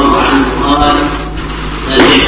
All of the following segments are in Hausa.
الله عنه قال سمعت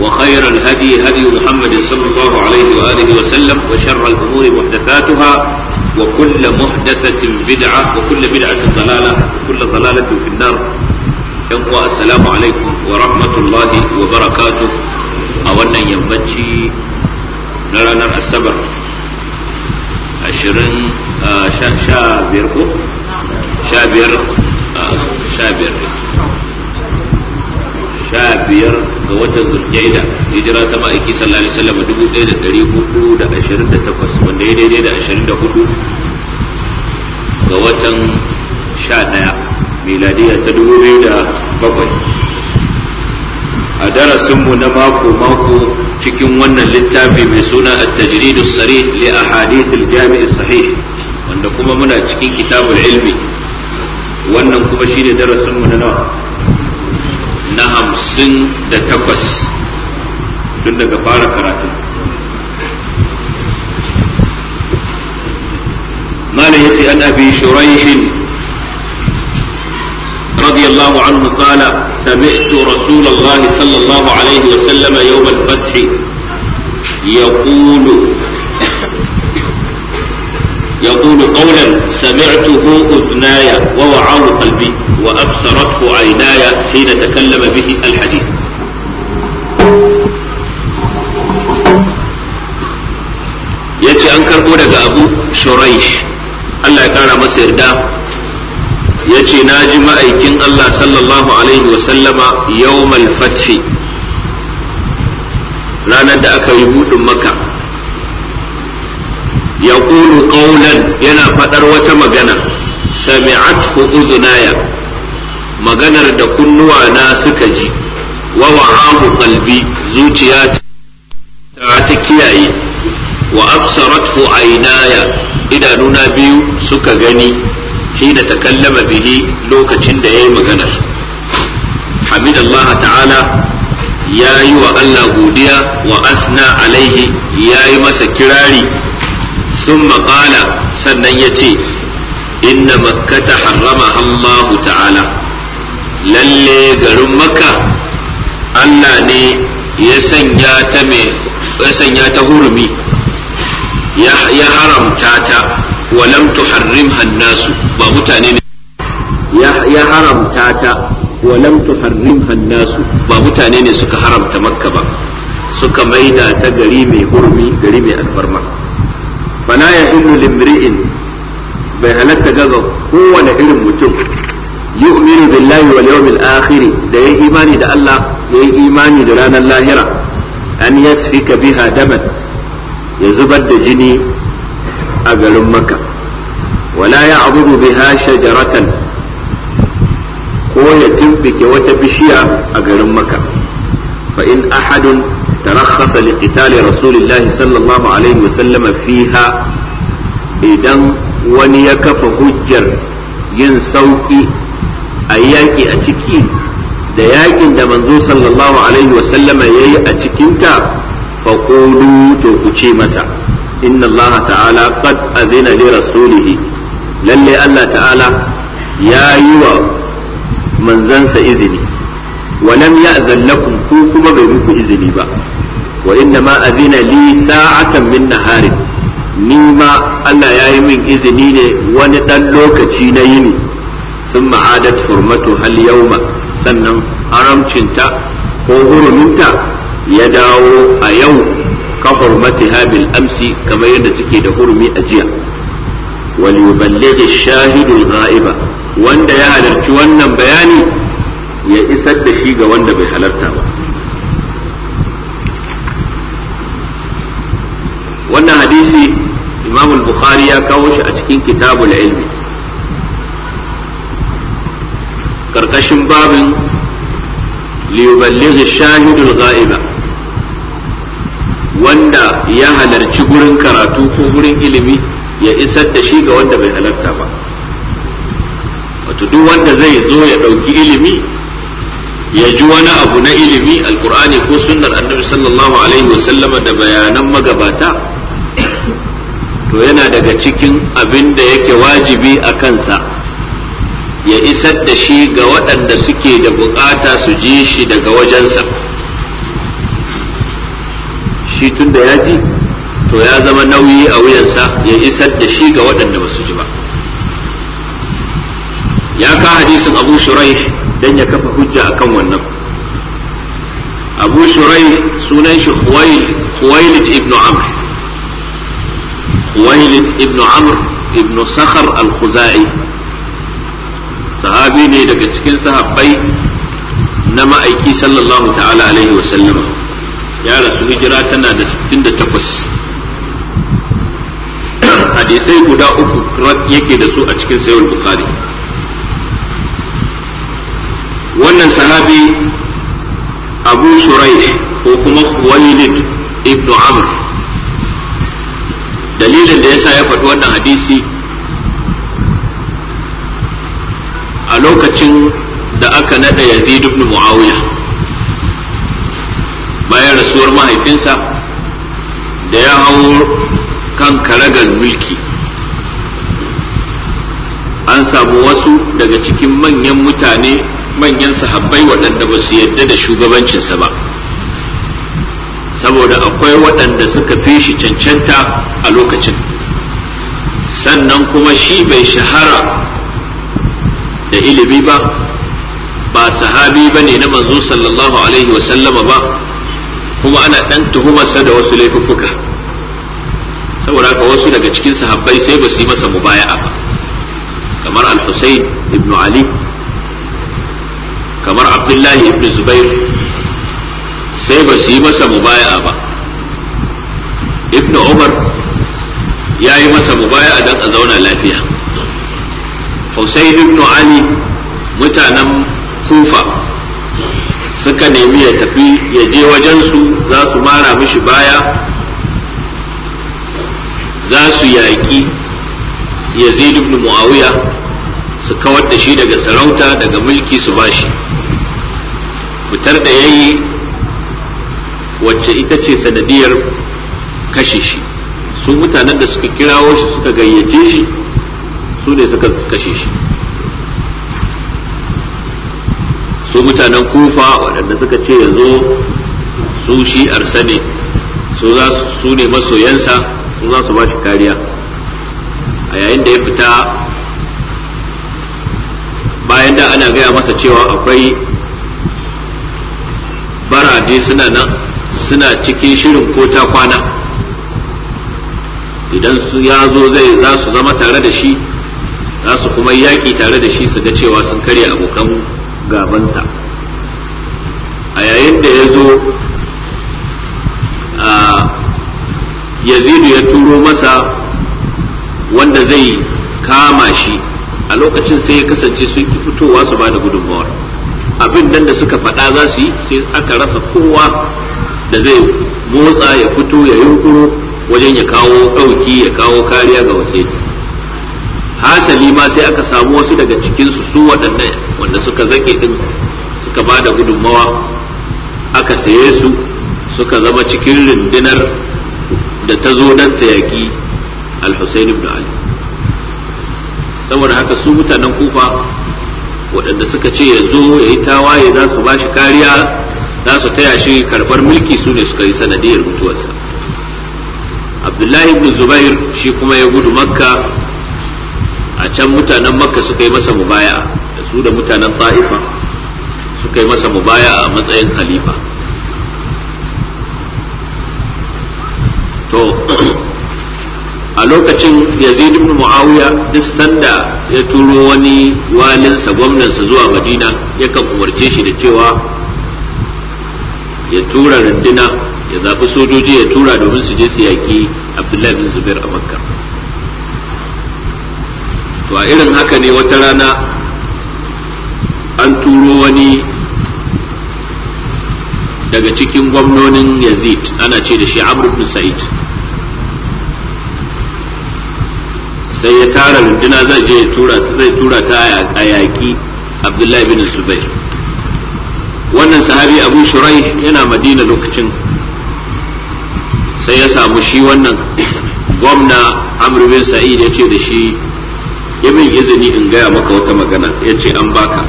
وخير الهدي هدي محمد صلى الله عليه وآله وسلم وشر الأمور محدثاتها وكل محدثة بدعة وكل بدعة ضلالة وكل ضلالة في النار السلام عليكم ورحمة الله وبركاته أولا نرى نرى السبب عشرين آه، شابر شابر آه، شابر sha biyar ga watan zulkaida hijira ta ma'aiki sallallahu alaihi wasallam dubu ɗaya da ɗari hudu da ashirin da takwas wanda ya daidai da ashirin da hudu ga watan sha ɗaya miladiya ta dubu biyu da bakwai a darasinmu na mako-mako cikin wannan littafi mai suna a tajrid as-sarih li ahadith al-jami' sahih wanda kuma muna cikin kitabul ilmi wannan kuma shine darasinmu na nawa na hamsin da takwas tun daga fara karatu mana ya ce an abi shuraihin رضي الله عنه قال سمعت رسول الله صلى الله عليه وسلم يوم الفتح يقول يقول قولا سمعته أذناي ووعاه قلبي وأبصرته عيناي حين تكلم به الحديث yace an karbo daga abu shuraish Allah ya kara masa yarda yace na ji ma'aikin Allah sallallahu alaihi wa sallama yawmal fathi ranar da aka yi budin maka yaqulu ƙaulan yana faɗar wata magana sami'athu uzunaya maganar da kunnuwa na suka ji wa wa'ahu qalbi zuciya ta kiyaye wa absarathu aynaya idanuna biyu suka gani hina ta kallama bihi lokacin da yayi maganar hamidallah ta'ala ya yi wa Allah godiya wa asna alaihi ya yi masa kirari Sun maƙala sannan ya ce inna makkata harrama Allah ta'ala lalle garin makka Allah ne ya sanya ta mai hurumi ya haramta ta walam tuharrimha nasu ba mutane ne ya haramta ba mutane ne suka haramta makka ba suka maida ta gari mai hurumi gari mai alfarma fana ya hillu limri'in bai halatta gaga kowane irin mutum yu'minu billahi wal yawmil akhir da yayi imani da Allah yayi imani da ranar lahira an yasfika biha daman ya zubar da jini a garin maka wala ya abubu biha shajaratan ko ya tumbike wata bishiya a garin maka fa in ahadun ترخص لقتال رسول الله صلى الله عليه وسلم فيها yin sauƙi a ينسوكي أياكي أتكي da yaƙin da manzo sallallahu alaihi wasallam ya yi a cikinta faƙulu to ku ce masa inna allaha ta'ala qad azina li rasulihi lalle allah ta'ala ya yi wa manzansa izini wa lam ya'zan ku kuma bai muku izini ba wa inna ma azina li sa'atan min naharin ni ma Allah ya yi min izini ne wani ɗan lokaci na yini sun ma'adat hurmatu hal yauma sannan haramcinta ko huruminta ya dawo a yau ka hurmati habil amsi kamar yadda take da hurumi a jiya wal yuballighi shahidul ghaiba wanda ya halarci wannan bayani ya isar da shi ga wanda bai halarta ba wannan hadisi imam al-bukhari ya kawo shi a cikin kitabul ilmi karkashin babin liyuballighi shahidul ga'iba, wanda ya halarci gurin karatu ko gurin ilimi ya isar da shi ga wanda bai halarta ba wato duk wanda zai zo ya ɗauki ilimi ya ji wani abu na ilimi alkur'ani ko sunnar annabi sallallahu alaihi wasallama da bayanan magabata to yana daga cikin abin da yake wajibi a kansa ya isar da shi ga waɗanda suke da bukata su ji shi daga wajensa shi tun da ya ji to ya zama nauyi a wuyansa ya isar da shi ga waɗanda ba su ji ba ya ka hadisin abu shurai don ya kafa hujja a kan wannan abu shurai sunan shi khuwailid ibn amr wailid ibn amr ibn sakhar al-khuzai sahabi ne daga cikin sahabbai na ma'aiki sallallahu ta'ala alaihi wasallama ya rasu hijira tana da 68 hadisai guda uku yake da su a cikin sayar bukhari wannan sahabi abu shuraih ko kuma walid ibn amr dalilin da ya sa ya faɗi wannan hadisi a lokacin da aka nada yazid ibn muawiya bayan rasuwar mahaifinsa da ya hau kan karagar mulki an samu wasu daga cikin manyan mutane manyan sahabbai waɗanda ba su yadda da shugabancinsa ba saboda akwai waɗanda suka fi shi cancanta a lokacin sannan kuma shi bai shahara da ilimi ba ba sahabi ba ne na manzo sallallahu alaihi wasallama ba kuma ana ɗan tuhumarsa da wasu laifuffuka saboda haka wasu daga cikin sahabbai sai ba su yi masa mubaya'a ba kamar al-husayn ibn ali kamar abdullahi ibn zubair sai ba su yi masa mubaya ba ibnu umar ya yi masa mubaya'a don a zauna lafiya Hussein ibn Ali mutanen Kufa suka nemi ya tafi ya je wajensu za su mara mishi baya za su yaƙi Yazid ibn Muawiya su kawar da shi daga sarauta daga mulki su bashi fitar da yayi wacce ita ce sanadiyar kashe shi su mutanen da suka kirawo shi suka gayyace shi su ne suka kashe shi su mutanen kufa waɗanda suka ce yanzu su shi arsa ne su ne masoyansa su za su ba shi kariya a yayin da ya fita bayan da ana gaya masa cewa akwai barade suna nan suna cikin shirin ko ta kwana idan su ya zo zai za su zama tare da shi za su kuma yaƙi tare da shi su ga cewa sun karya abokan gabansa a yayin da ya zo yazidu ya turo masa wanda zai kama shi a lokacin sai ya kasance sun ki fitowa su ba da gudunmawar abin nan da suka faɗa za su yi sai aka rasa kowa da zai motsa ya fito ya yunkuro wajen ya kawo ɗauki ya kawo kariya ga wasai hasali ma sai aka samu wasu daga cikinsu su waɗannan wanda suka zake ɗin suka ba da gudunmawa aka saye su suka zama cikin rundunar da ta zo don ta yaƙi al ibn Ali saboda haka su mutanen kufa waɗanda suka ce ya zo ya yi tawaye za su ba shi kariya za su taya shi karbar mulki su ne suka yi sanadiyar mutuwarsa abdullahi ibn zubair shi kuma ya gudu makka a can mutanen makka suka yi masa mubaya da su da mutanen ta'ifa suka yi masa mubaya a matsayin khalifa to a lokacin yazid ibn muawiya duk sanda ya turo wani walinsa gwamnansa zuwa madina ya kan umarce shi da cewa ya tura rundina ya zaɓi sojoji ya tura domin su je su yaƙi abdullahi bin zubair a makka to a irin haka ne wata rana an turo wani daga cikin gwamnonin yazid ana ce da shi amr sa'id sai ya tara rundina zai je ya tura ta a yaƙi abdullahi bin zubair wannan sahabi abu shurai yana madina lokacin sai ya samu shi wannan gwamna amru bin sa'id ya ce da shi ya izini in gaya maka wata magana ya ce an baka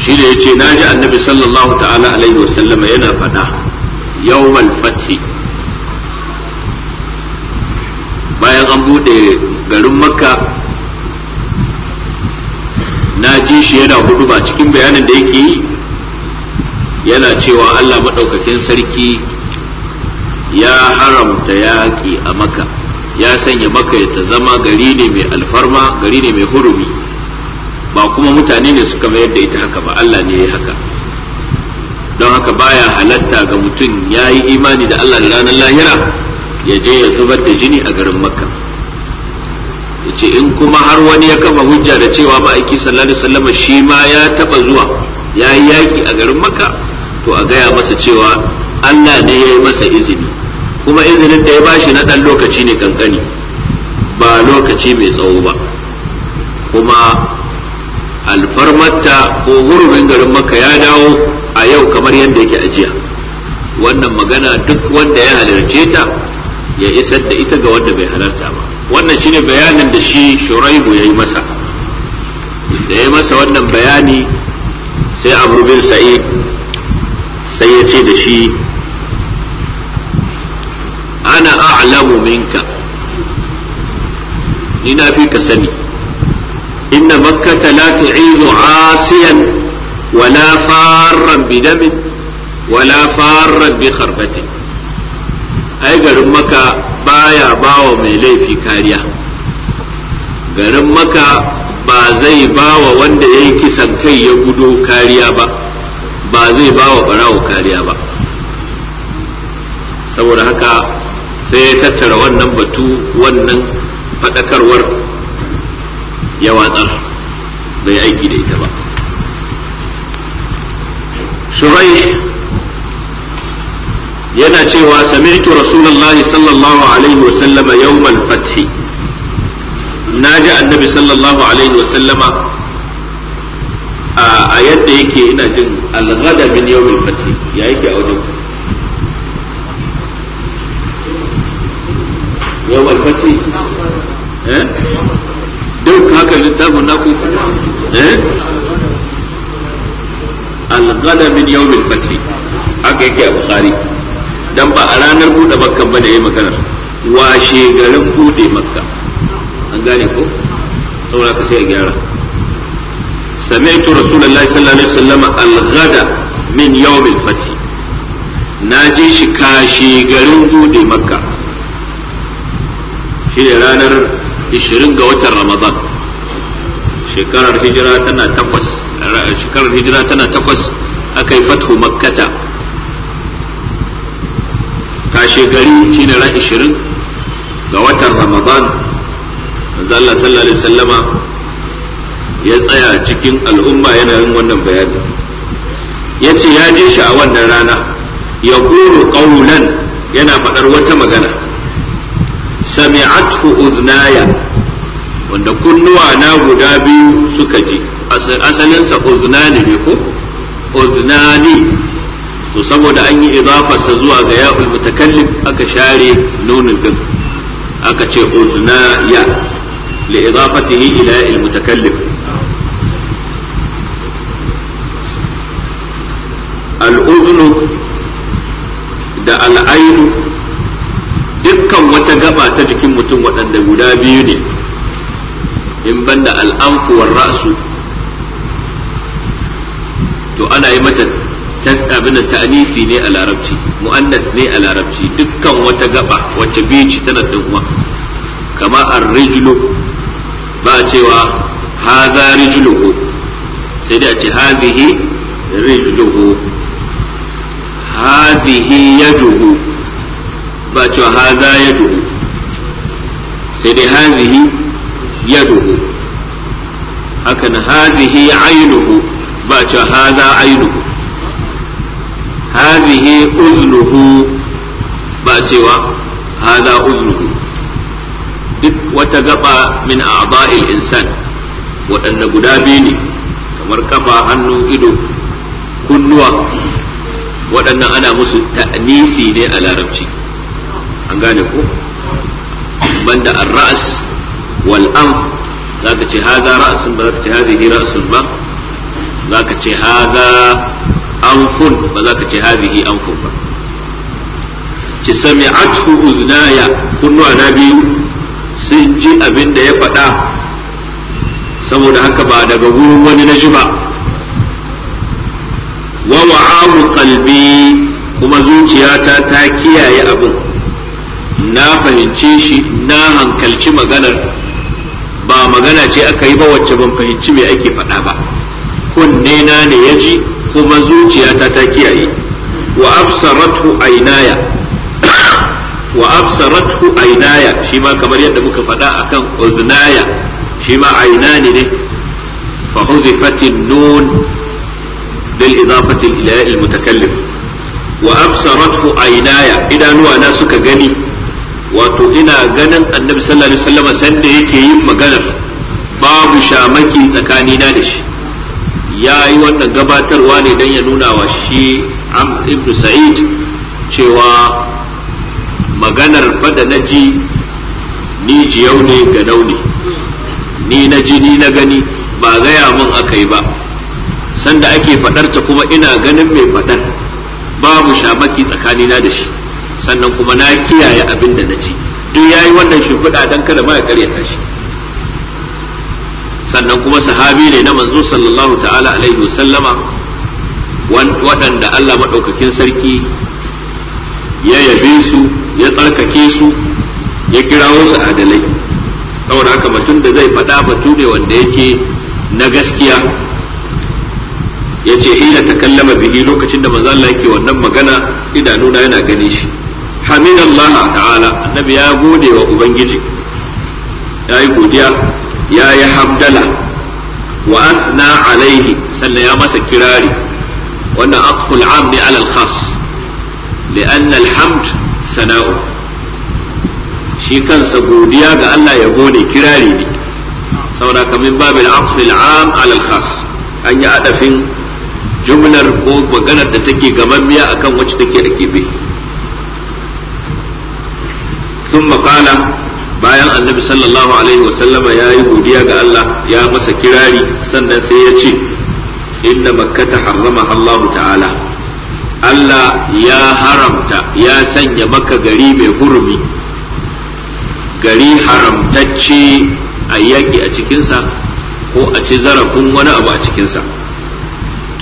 shi da ya ce na ji annabi sallallahu ta'ala alaihi wasallama yana faɗa yawmal malfati bayan an buɗe garin makka na ji shi yana hudu ba cikin bayanin da yake yi yana cewa Allah maɗaukakin sarki ya haramta yaƙi a maka ya sanya maka ya ta zama gari ne mai alfarma gari ne mai hurumi ba kuma mutane ne suka mayar da ita haka ba Allah ne ya haka don haka baya halatta ga mutum ya yi imani da Allah da ranar lahira ya je ya zubar da jini a garin makka yace in kuma har wani ya kafa hujja da cewa ma'aiki sallallahu alaihi wasallam shi ma ya taba zuwa ya yi yaki a garin maka, to a gaya masa cewa Allah ne ya yi masa izini kuma izinin da ya bashi na dan lokaci ne kankani ba lokaci mai tsawo ba kuma alfarmarta ko hurumin garin maka ya dawo a yau kamar yadda yake ajiya wannan magana duk wanda ya halarce ta ya isar da ita ga wanda bai halarta ba wannan shine bayanin da shi shuraibu ya yi masa da ya masa wannan bayani sai abu bin sa'id sai ya ce da shi ana a'lamu minka ni na fi ka sani inna makkata la tu'idu asiyan wala farran bi damin wala farran bi kharbatin ai garin maka baya bawa mai laifi kariya garin maka ba zai bawa wanda ya yi kisan kai ya gudo kariya ba ba zai bawa barawo kariya ba saboda haka sai ya tattara wannan batu wannan faɗakarwar ya watsar bai aiki da ita ba shurai yana cewa sami'tu rasulullahi sallallahu alaihi wa sallama yawmal fath naji annabi sallallahu alaihi wa sallama a yadda yake ina jin al-ghada min yawmil fathi ya yake a wajen yawmal fathi eh duk haka littafin naku eh al-ghada min yawmil fathi haka yake a bukhari dan ba a ranar bude makka ba da ya maganar washe garin bude makka an gane ko saboda ka sai a gyara sami'tu rasulullahi sallallahu alaihi wasallam al-ghada min yawm al-fath na ji shi kashe garin bude makka shi da ranar 20 ga watan ramadan shekarar hijira tana takwas shekarar hijira tana takwas akai fathu makkata shekari shi ne ran 20 ga watan ramadan da Allah sallallahu alaihi wasallama ya tsaya cikin al'umma yana yin wannan bayani yace ya je shi a wannan rana ya kuru qaulan yana faɗar wata magana sami'atu uznaya wanda kunnuwa na guda biyu suka ji asalinsa uznani ne ko uznani to saboda an yi idafarsa zuwa ga ya'ul mutakallim aka share nunin din aka ce uzna ya li idafatihi ila al mutakallim al udnu da al dukkan wata gaba ta jikin mutum waɗanda guda biyu ne in banda al ra'su to ana yi mata abin da ta'anisi ne a larabci mu'annas ne a larabci dukkan wata gaba wacce ci tana da kuma kama ar-rijlu ba cewa hadha rijluhu sai da ce hadhihi rijluhu hadhihi yaduhu ba cewa hadha yaduhu sai dai hadhihi yaduhu hakan hadhihi aynuhu ba cewa hadha aynuhu hadhihi uznuhu ba cewa hada uznuhu duk wata gaba min a'dha'il insan waɗanda guda biyu kamar kafa hannu ido kunnuwa waɗannan ana musu ta'nisi ne a larabci an gane ko banda ar-ra's wal ce ba zaka ce ba ce anfun ba za ka ce hazihi anfun ba ci sami'athu uznaya kunnuwa na biyu sun ji abin da ya faɗa saboda haka ba daga wurin wani na ji ba wa wa'ahu qalbi kuma zuciyata ta kiyaye abin na fahimce shi na hankalci maganar ba magana ce aka yi ba wacce ban fahimci me ake faɗa ba kunne na ne ya ji kuma zuciyata ta kiyaye wa absaratu ainaya wa absaratu ainaya shi ma kamar yadda muka faɗa akan uznaya shi ma ainani ne fa huzifatin nun bil idafati ila al mutakallim wa absaratu ainaya idanuwa na suka gani wato ina ganin annabi sallallahu alaihi wasallam sanda yake yin maganar babu shamaki tsakanina da shi ya yi wannan gabatarwa ne don ya nuna wa shi ibn sa'id cewa maganar fada na ji ni jiyau ne ga nauni ni na ji ni na gani ba gaya mun aka yi ba sanda ake fadarta kuma ina ganin mai fadar babu shamaki tsakanina da shi sannan kuma na kiyaye abin da na ji duk ya yi wannan shimfiɗa don kada ma ya karyata shi sannan kuma sahabi ne na manzo sallallahu ta'ala alaihi wasallama waɗanda Allah maɗaukakin sarki ya yabe su ya tsarkake su ya kirawo su adalai saboda haka batun da zai faɗa batu ne wanda yake na gaskiya ya ce hina ta kallama bihi lokacin da manzo Allah yake wannan magana idanuna yana gani shi hamidallah ta'ala annabi ya gode wa ubangiji ya yi godiya ya yi hamdala wa asna alaihi sannan ya masa kirari wannan aqful amni ala alal khas li'anna alhamd sana'u shi kansa godiya ga Allah ya gode kirari ne saboda kamin babin aqful am alal al-khas an yi adafin jumlar ko maganar da take gamammiya akan wacce take da kebe ثم قال bayan annabi sallallahu alaihi wasallama ya yi godiya ga Allah ya masa kirari sannan sai ya ce inda makkata harrama Allah ta'ala Allah ya haramta ya sanya maka gari mai hurumi gari haramtacce a yaƙi a cikinsa ko a ci zarafin wani abu a cikinsa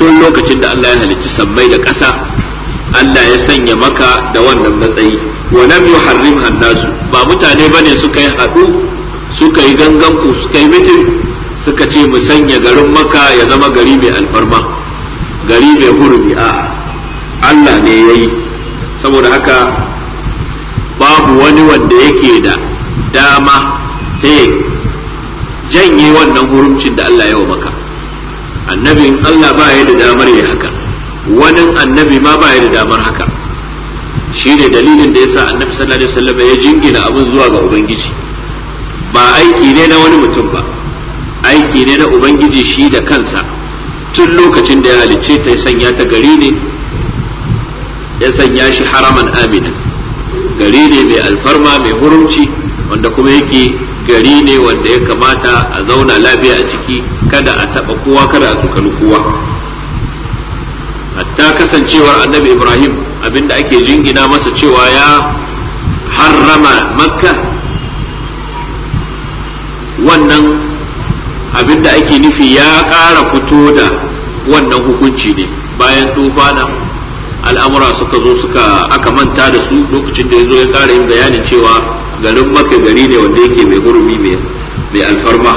tun lokacin da Allah ya halicci sammai da ƙasa Allah ya sanya maka da wannan matsayi wa lam yuharrimha nasu ba mutane bane suka yi hadu suka yi gangan ku suka yi mitin suka ce mu sanya garin maka ya zama gari mai alfarma gari mai hurumi a Allah ne yayi saboda haka babu wani wanda yake da dama ta janye wannan hurumcin da Allah ya wa maka annabin Allah ba ya da damar ya haka wani annabi ma ba ya da damar haka shi ne dalilin da ya sa annabi sallallahu alaihi wasallam ya jingina abin zuwa ga ubangiji ba aiki ne na wani mutum ba aiki ne na ubangiji shi da kansa tun lokacin da ya halicce ta ya sanya ta gari ne ya sanya shi haraman amina gari ne mai alfarma mai hurumci wanda kuma yake gari ne wanda ya kamata a zauna lafiya a ciki kada a taba kowa kada a tukali kowa hatta kasancewar annabi ibrahim abinda ake jingina masa cewa ya harrama makka wannan abinda ake nufi ya ƙara fito da wannan hukunci ne bayan na, al'amura suka zo suka aka manta da su lokacin da ya zo ya ƙara yin bayanin cewa garin makka gari ne wanda yake mai hurumi mai alfarma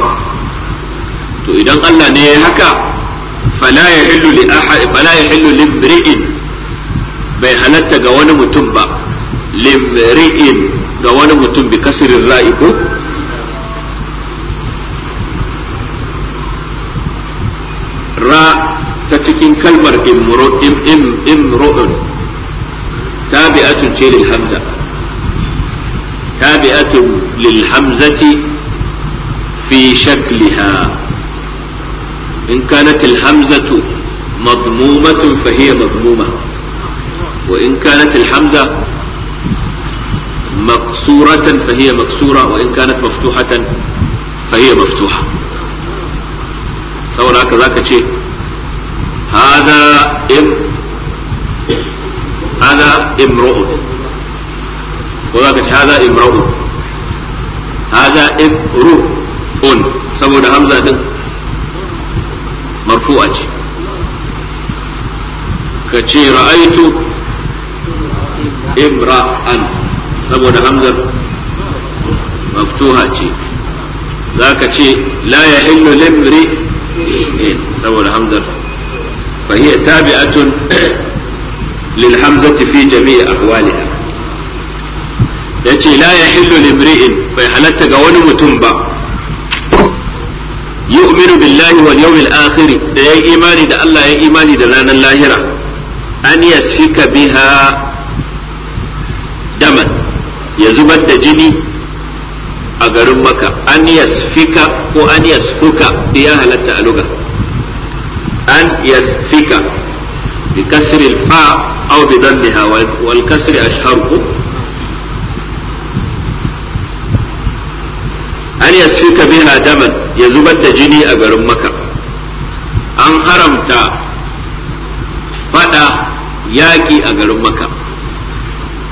to idan allah ne ya haka fala ya hillu li bai halatta ga wani mutum ba limri'in ga wani mutum bi kasirin ra'i ko ra ta cikin kalmar imru'in tabi'atun ce lil hamza tabi'atun lil hamzati fi shakliha in kanat al hamzatu madmumatan fa hiya madmumah وإن كانت الحمزة مقصورة فهي مكسورة وإن كانت مفتوحة فهي مفتوحة لك ذاك شيء هذا إم هذا امرؤ وذاك هذا امرؤ هذا امرؤ سوى لك din مرفوعة ce ka imra'an saboda hamzar maftuha ce za ka ce la eh, ya illu limri saboda hamzar فهي تابعة للحمزة في جميع أحوالها yace la ya hillu limri'in bai halatta ga wani mutum ba yu'minu billahi wal yawmil akhir da yayi imani da Allah ya imani da ranar lahira an yasfika daman ya zubar da jini a garin maka an yasfika ko an yasfuka ya halatta a luga an yasfika bi kasri fa aw bi dammiha wal kasri ashharu an yasfika biha daman ya zubar da jini a garin maka an haramta fada yaki a garin maka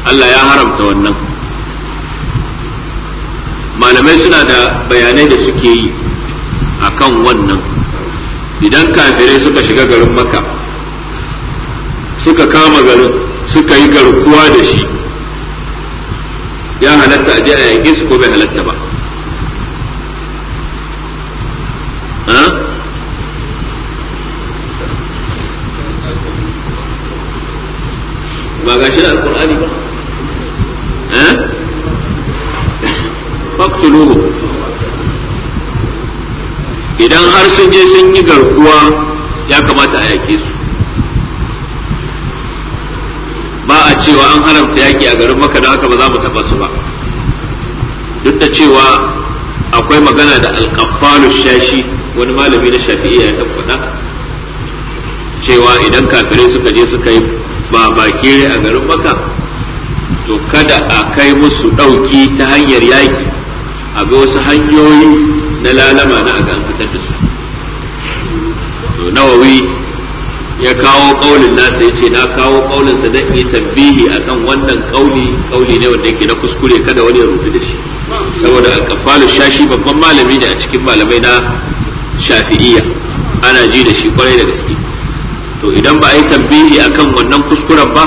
Allah ya haramta wannan malamai suna da bayanai da suke yi a kan wannan idan kafirai suka shiga garin maka suka kama garin suka yi garkuwa da shi ya halatta a a yaƙe su ko bai halatta ba ba ga shi alkur'ani ba faktuluhu idan har sun je sun yi garkuwa ya kamata a yake su ba a cewa an haramta yaki a garin maka da haka ba za mu taba su ba duk da cewa akwai magana da alkafalu shashi wani malami na shafi'i ya tabbata cewa idan kafirai suka je suka yi ba bakire a garin maka to kada a kai musu ɗauki ta hanyar yaki a bi wasu hanyoyi na lalama na aga an fitar da su to nawawi ya kawo kaulin nasa ya ce na kawo kaulin sa dan tabbihi a kan wannan kauli kauli ne wanda yake na kuskure kada wani ya rubuta da shi saboda al shashi babban malami ne a cikin malamai na shafi'iyya ana ji da shi kwarai da gaske to idan ba a yi tambihi akan wannan kuskuren ba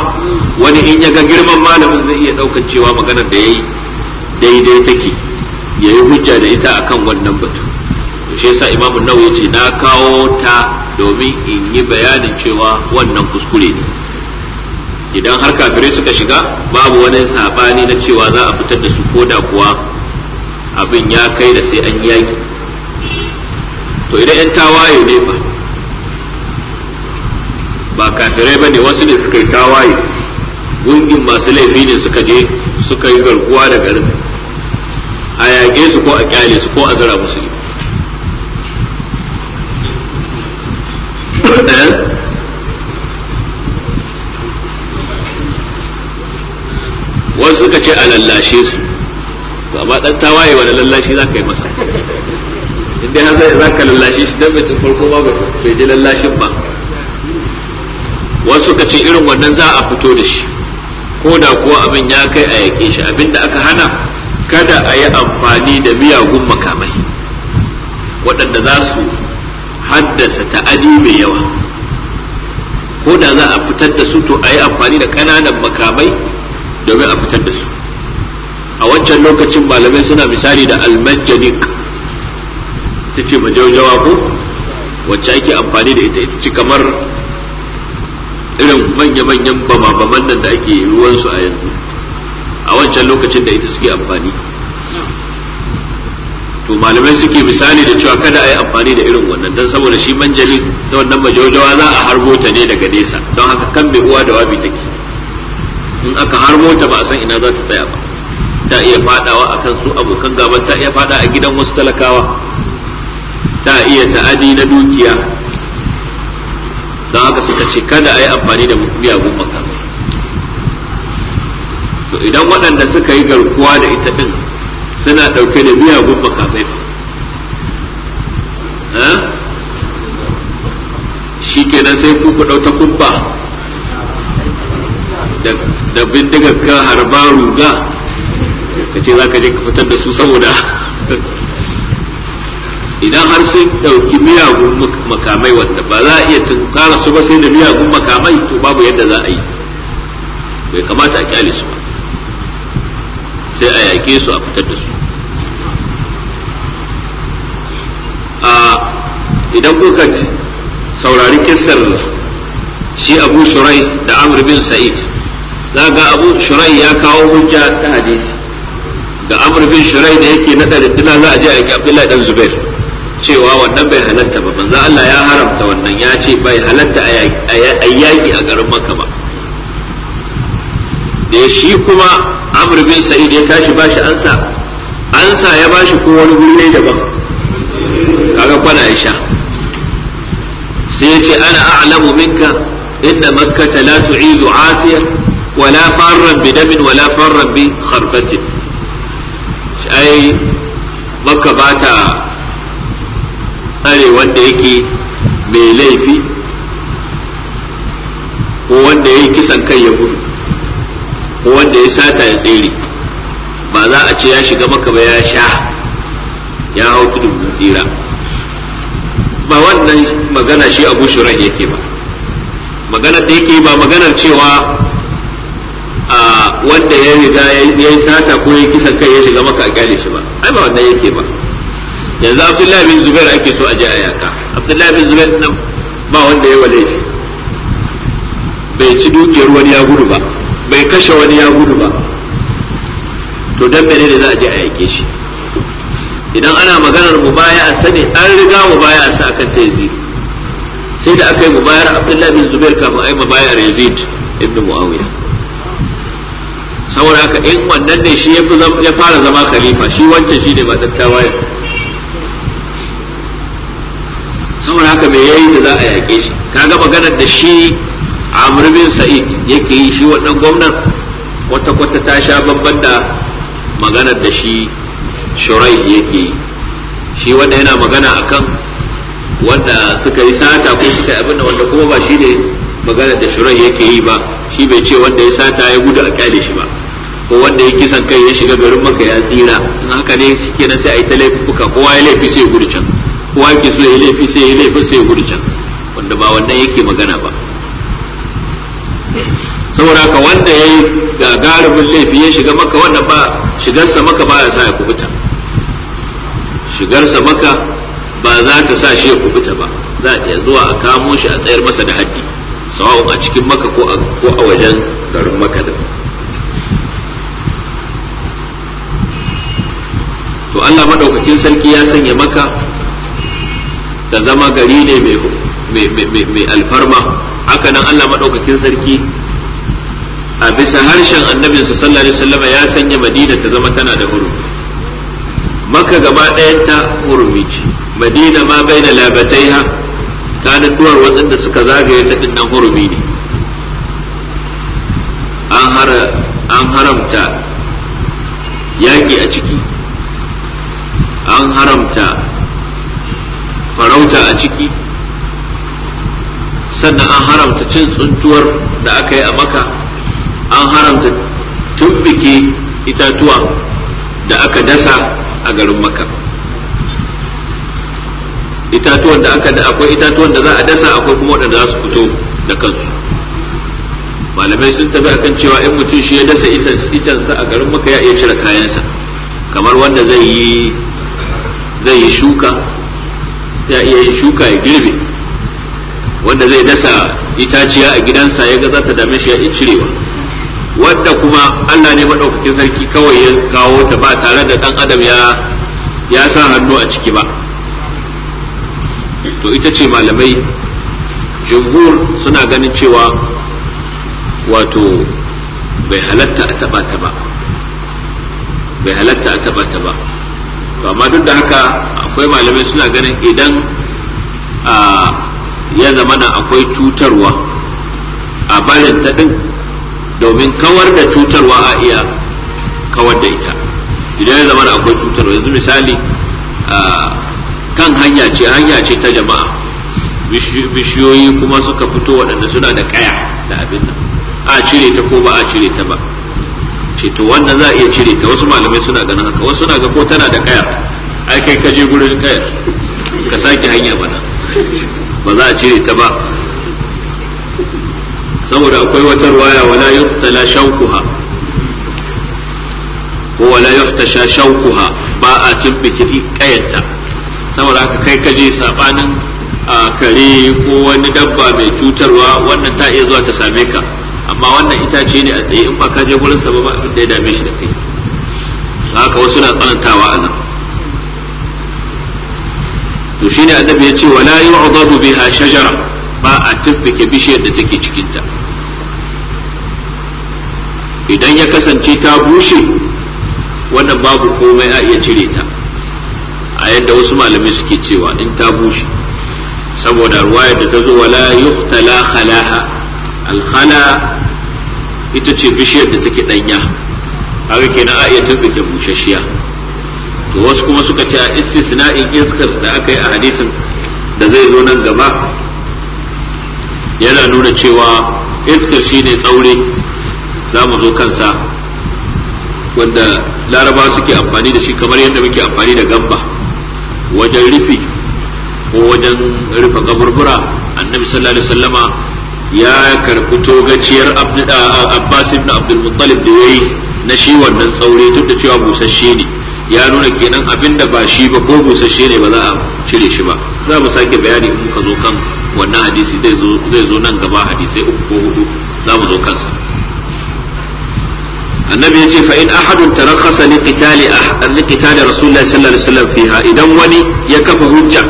wani in ya ga girman malamin zai iya daukan cewa maganar da yayi daidai take ya yi hujja da ita akan wannan batu shi yasa imamu nawa ya ce na kawo ta domin in yi bayanin cewa wannan kuskure ne idan har kafirai suka shiga babu wani sabani na cewa za a fitar da su ko da kuwa abin ya kai da sai an yaki to idan 'yan tawaye ne ba ba kafirai ba ne wasu ne suka yi tawaye gungin masu laifi ne suka je suka yi garkuwa da garin a yage su ko a kyale su ko a zara musu eh? wasu suka ce a lallashe su amma dan tawaye wani lallashi za ka yi masa Inda dai har za ka lallashi shi don mai farko ba bai ji lallashin ba wasu ka ce irin wannan za a fito da shi ko da kuwa abin ya kai a yake shi abin da aka hana kada a yi amfani da miyagun makamai waɗanda za su haddasa ta'adi mai yawa ko da za a fitar da su to a yi amfani da ƙananan makamai domin a fitar da su a wancan lokacin malamai suna misali da almanjanik ta ce majaujawa ko wacce ake amfani da ita ita ce kamar irin manya-manyan bama-baman nan da ake ruwansu a yanzu a wancan lokacin da ita suke amfani to malamai suke misali da cewa kada a yi amfani da irin wannan don saboda shi manjali da wannan majaujawa za a harbo ta ne daga nesa don haka kan bai uwa da wabi take in aka harbo ta ba a san ina za ta tsaya ba ta iya fadawa akan su abokan gaban ta iya fada a gidan wasu talakawa ta iya ta'adi na dukiya don haka suka ce kada a yi amfani da miyagun makama to idan waɗanda suka yi garkuwa da ita ɗin, suna ɗauke da miyagun makamai eh? shi kenan sai ku ku ɗauta kubba da bindigar ka harba ruga ka ce za ka je ka fitar da su saboda idan har sun ɗauki miyagun makamai wanda ba za a iya tunkara su ba sai da miyagun makamai to babu yadda za a yi bai kamata a kyale su ba sai a yake su a fitar da su a idan kuka saurari kissar shi abu shurai da amr bin sa'id za ga abu shurai ya kawo hujja ta hadisi da amr bin shurai da yake naɗa dina za a je a yaƙi abdullahi dan zubair cewa wannan bai halatta ba manzo Allah ya haramta wannan ya ce bai halatta a yaƙi a garin maka ba da shi kuma amr bin sa'id ya tashi shi ansa ansa ya bashi ko wani guri ne daban kaga kwana ya sha sai ya ce ana a'lamu minka inda makkata la tu'idu asiya wala farran bi damin wala farran bi kharbatin ai makka ba ta tsare wanda yake mai laifi ko wanda ya yi kisan kai ya gudu ko wanda ya sata ya tsere ba za a ce ya shiga maka ba ya sha ya hau na tsira ba wannan magana shi abu shurai yake ba maganar da yake ba maganar cewa a wanda ya riga ya yi sata ko ya kisan kai ya shiga maka a kyale shi ba ai ba wannan yake ba yanzu abdullahi bin zubair ake so a je a yaka abdullahi bin zubair nan ba wanda ya wale shi bai ci dukiyar wani ya gudu ba bai kashe wani ya gudu ba to dan ne za a je a yake shi idan ana maganar mubaya'a sani an riga mubaya'a sa akan ta sai da aka yi mubayar abdullahi bin zubair kafin ai mubayar yazid ibn muawiya saboda haka in wannan ne shi ya fara zama khalifa shi wancan shi ne ba dattawa ne saboda haka me yayi da za a yake shi kaga maganar da shi Amir bin sa'id yake yi shi wannan gwamnan wata kwata ta sha babban da maganar da shi shurai yake yi shi wanda yana magana akan wanda suka yi sata ko suka yi da wanda kuma ba shi ne maganar da shurai yake yi ba shi bai ce wanda ya sata ya gudu a kyale shi ba ko wanda ya kisan kai ya shiga garin maka ya tsira in haka ne kenan sai a yi ta laifuka kowa ya laifi sai ya gudu can kowa ke so ya laifi sai ya laifin sai ya gudu can wanda ba wannan yake magana ba saboda ka wanda ya yi gagarumin laifi ya shiga maka wannan ba shigarsa maka ba ya sa ya kubuta shigarsa maka ba za ta sa shi ya kubuta ba za ta zuwa a kamo shi a tsayar masa da haddi sawa'un a cikin maka ko a wajen garin maka da to Allah maɗaukakin sarki ya sanya maka ta zama gari ne mai alfarma haka nan Allah maɗaukakin sarki a bisa harshen Annabi sallallahu alaihi wasallam ya sanya madina ta zama tana da hurumi maka gaba ɗayan ta hurumi ce madina ma bai da labatai ha kanin duwar waɗanda suka zagaye ta ɗin nan hurumi ne an haramta yaƙi a ciki an haramta farauta a ciki sannan an haramta cin tsuntuwar da aka yi a maka an haramta tumbike itatuwa da aka dasa a garin maka itatuwan da aka da akwai itatuwan da za a dasa akwai kuma waɗanda za su fito da kansu malamai sun tafi akan cewa in mutum shi ya dasa itansa a garin maka ya iya cire kayansa kamar wanda zai yi zai yi shuka ya iya yin shuka ya girbe wanda zai dasa itaciya a gidansa ya ga za ta dame shi ya in cirewa wadda kuma Allah ne maɗaukakin sarki kawai ya kawo ta ba tare da ɗan adam ya ya sa hannu a ciki ba to ita ce malamai jumhur suna ganin cewa wato bai halatta a taɓa ta ba bai halatta a taɓa ta ba amma duk da haka akwai malamai suna ganin idan a ah, ya zamana akwai cutarwa a barin ta ɗin domin kawar da cutarwa a iya kawar da ita idan ya zamana akwai cutarwa yanzu misali kan hanya ce hanya ce ta jama'a bishiyoyi kuma suka fito waɗanda suna da ƙaya da abin nan a cire ta ko ba a cire ta ba ceto to wanda za a iya cire ta wasu malamai suna ganin haka wasu suna ga ko tana da ƙaya ai kai ka je gurin ƙaya ka sake hanya bana ba za a cire ta ba saboda akwai wata ruwaya wala yuqtala shawquha ko wala yuhtasha shawquha ba a tibbiki kayanta saboda haka kai kaje sabanin a kare ko wani dabba mai cutarwa wannan ta iya zuwa ta same ka amma wannan itace ne a tsaye in ba ka je gurin sa ba abin da ya dame shi da kai haka wasu na tsanantawa a nan to shine annabi ya ce wala yu'dadu biha shajara ba a tuffike bishiyar da take cikin ta idan ya kasance ta bushe wannan babu komai a iya cire ta a yadda wasu malamai suke cewa in ta bushe saboda ruwayar da ta zo wala yuqtala khalaha alkhala ita ce bishiyar da take danya haka kenan a iya tuffike bushashiya to wasu kuma suka ce a istisna'in iskar da aka yi a hadisin da zai zo nan gaba yana nuna cewa shi ne tsaure za mu zo kansa wanda laraba suke amfani da shi kamar yadda muke amfani da gamba wajen rufi ko wajen rufe gaburbura annabi sallallahu alaihi wasallama ya karɓi togaciyar abbas ibn abdul muttalib da yayi na shi wannan tsaure duk da cewa busasshe ne ya nuna kenan abin da ba shi ba ko busasshe ne ba za a cire shi ba za mu sake bayani in ka zo kan wannan hadisi zai zo nan gaba hadisai uku ko hudu za mu zo kansa annabi ya ce fa in ahadun tarakhasa li qitali ah, li qitali rasulullahi sallallahu alaihi wasallam fiha idan wani ya kafa hujja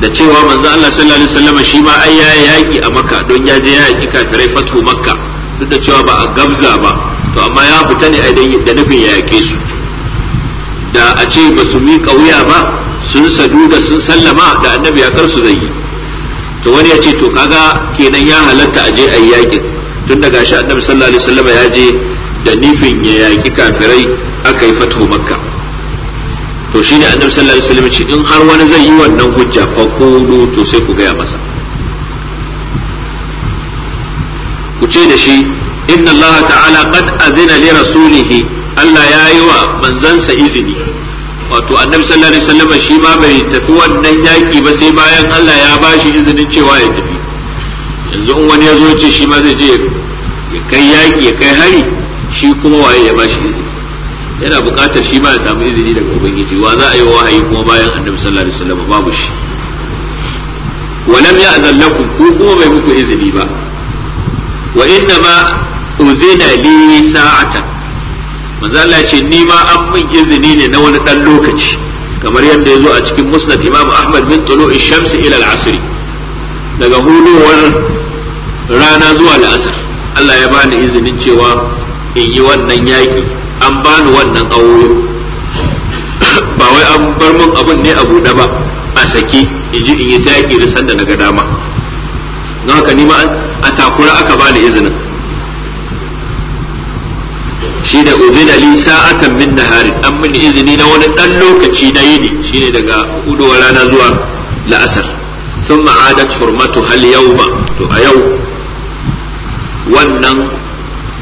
da cewa manzo Allah sallallahu alaihi wasallam shi ma ai ya yaki a Makka don ya je ya yaki kafirai fatu Makka duk da cewa ba a gabza ba to amma ya fita ne da nufin ya yake su da a ce ba su miƙa wuya ba sun sadu da sun sallama da annabi ya karsu zai yi to wani ya ce to kaga kenan ya halatta a je a yi yaƙin tun daga shi annabi sallallahu alaihi wasallam ya je da nufin ya yaƙi kafirai aka yi fatahu makka to shi ne annabi sallallahu alaihi wasallam ce in har wani zai yi wannan hujja fa qulu to sai ku gaya masa ku ce da shi inna allaha ta'ala qad azina li rasulihi Allah ya yi wa manzansa izini wato annabi sallallahu alaihi wasallam shi ma bai tafi wannan yaki ba sai bayan Allah ya ba shi izinin cewa ya tafi yanzu in wani ya zo ce shi ma zai je ya kai yaki ya kai hari shi kuma waye ya ba shi izini yana buƙatar shi ma ya samu izini daga ubangiji wa za a yi wahayi kuma bayan annabi sallallahu alaihi wasallam babu shi ولم يأذن لكم كوكو ما يمكو إذني با وإنما أذن لي ساعة manzo Allah ya ce ni ma an min izini ne na wani dan lokaci kamar yadda ya zo a cikin musnad imam ahmad bin tulu'i shams ila al-asr daga huduwar rana zuwa al-asr Allah ya bani izinin cewa in yi wannan yaki an bani wannan aure. ba wai an bar mun abun ne a buɗe ba a sake in ji in yi taki da sanda na dama don haka ni ma a takura aka bani izinin shida uzina li sa'atan min nahari an min izini na wani dan lokaci na yini shine daga huduwar rana zuwa la'asar thumma adat hurmatu hal yawma to a yau wannan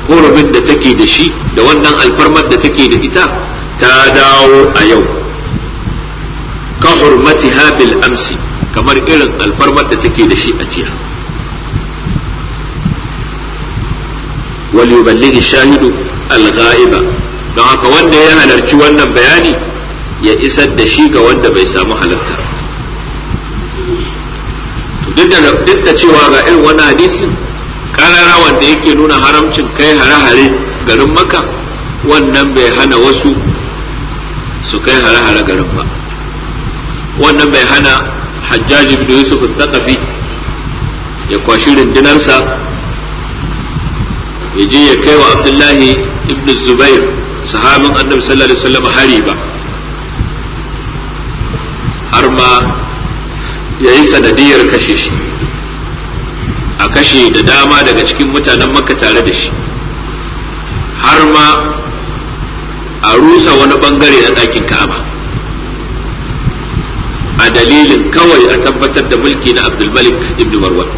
hurumin da take da shi da wannan alfarmar da take da ita ta dawo a yau ka hurmati habil amsi kamar irin alfarmar da take da shi a jiya wal yuballighi shahidu al-ghaiba don haka wanda ya halarci wannan bayani ya isar da shi ga wanda bai samu halarta duk da cewa ga irin wani hadisin karara wanda yake nuna haramcin kai hare-hare garin maka wannan bai hana wasu su kai hare-hare garin ba wannan bai hana Hajjajin da yusuf al ya kwashi rundunarsa ya je ya kai wa abdullahi ibn zubair sahabin annabi sallallahu alaihi wasallam hari ba har ma ya yi sanadiyar kashe shi a kashe da dama daga cikin mutanen makka tare da shi har ma a rusa wani bangare na ɗakin ka'aba a dalilin kawai a tabbatar da mulki na abdulmalik ibn marwan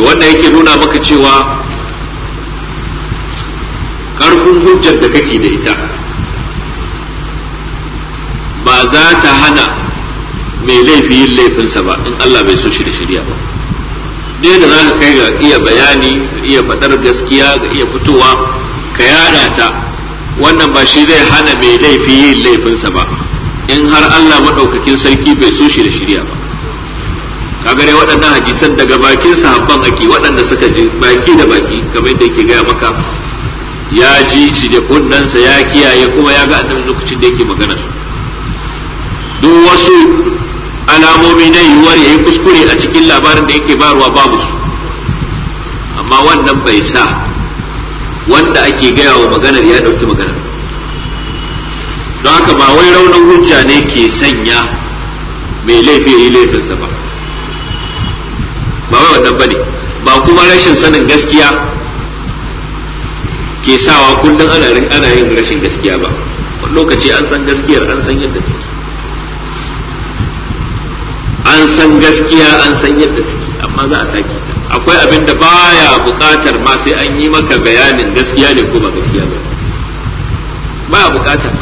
to wannan yake nuna maka cewa karfin hujjar da kake da ita ba za ta hana mai laifi yin laifinsa ba in Allah bai so shi da shirya ba dai da za ka kai ga iya bayani ga iya faɗar gaskiya ga iya fitowa ka yada ta wannan ba shi zai hana mai laifi yin laifinsa ba in har Allah maɗaukakin sarki bai so shi da shirya ba kaga dai waɗannan hadisan daga bakin sahabban ake waɗanda suka ji baki da baki kamar yadda yake gaya maka ya ji shi da kundansa ya kiyaye kuma ya ga annabi lokacin da yake magana su duk wasu alamomi na yiwuwar ya yi kuskure a cikin labarin da yake barwa babu su amma wannan bai sa wanda ake gaya wa maganar ya ɗauki maganar don haka ba wai raunin hujja ne ke sanya mai laifi ya yi laifinsa ba ba wai wannan bane ba kuma rashin sanin gaskiya ke sawa kullum ana ana yin rashin gaskiya ba wani lokaci an san gaskiyar an san yadda take an san gaskiya an san yadda take amma za a take ta akwai abin da baya buƙatar ma sai an yi maka bayanin gaskiya ne ko ba gaskiya ba baya buƙatar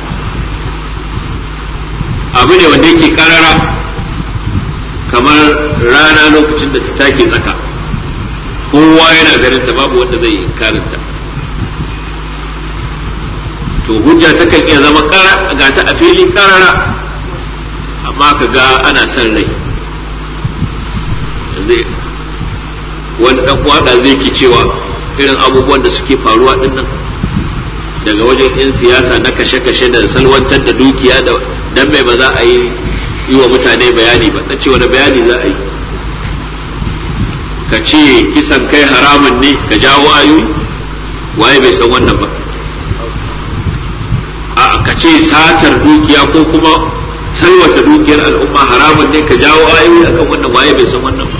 abu ne wanda yake karara kamar rana lokacin da ta take tsaka kowa yana ganin ta babu wanda zai inkarin ta to hujja ta kan iya zama kara ga ta a fili karara amma ka ga ana son rai wani dan kwada zai ki cewa irin abubuwan da suke faruwa din nan daga wajen 'yan siyasa na kashe-kashe da salwantar da dukiya da dan mai ba za a yi yi wa mutane bayani ba ce wani bayani za a yi ka ce kisan kai haramun ne ka jawo ayoyi waye bai san wannan ba a ka ce satar dukiya ko kuma salwata dukiyar al'umma haramun ne ka jawo ayoyi akan wannan waye bai san wannan ba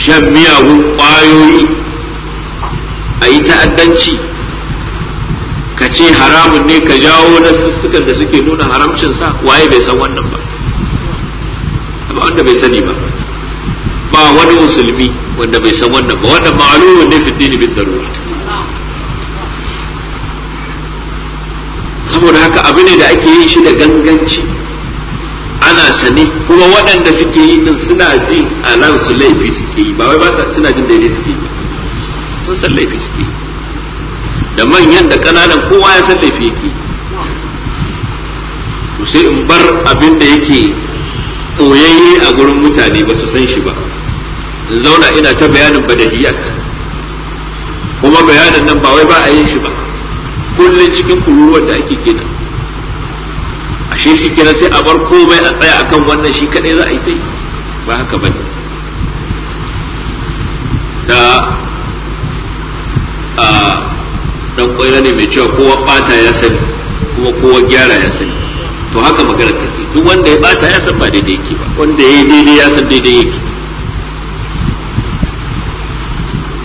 shan miyagun ƙwayoyi a yi ta'addanci ka ce haramun ne ka jawo na sussukan da suke nuna haramcin sa waye bai san wannan ba ba wanda bai sani ba ba wani musulmi wanda bai san wannan ba wanda ma'alumin ne fiddini bin darura saboda haka abu ne da ake yin shi da ganganci ana sani kuma waɗanda suke yi din suna jin a nan su laifi suke yi ba wai ba suna jin daidai suke yi sun san laifi suke yi da manyan da kananan kowa ya san laifi yake to sai in bar abin da yake koyayye a gurin mutane ba su san shi ba in zauna ina ta bayanin badahiyat kuma bayanin nan ba wai ba a yin shi ba kullum cikin kururuwar da ake kenan ashe shi kenan sai a bar komai a tsaya akan wannan shi kadai za a yi ta yi ba haka ba ta dan kwaila ne mai cewa kowa bata ya sani kuma kowa gyara ya sani to haka magana take duk wanda ya bata ya san ba daidai yake ba wanda ya yi daidai ya san daidai yake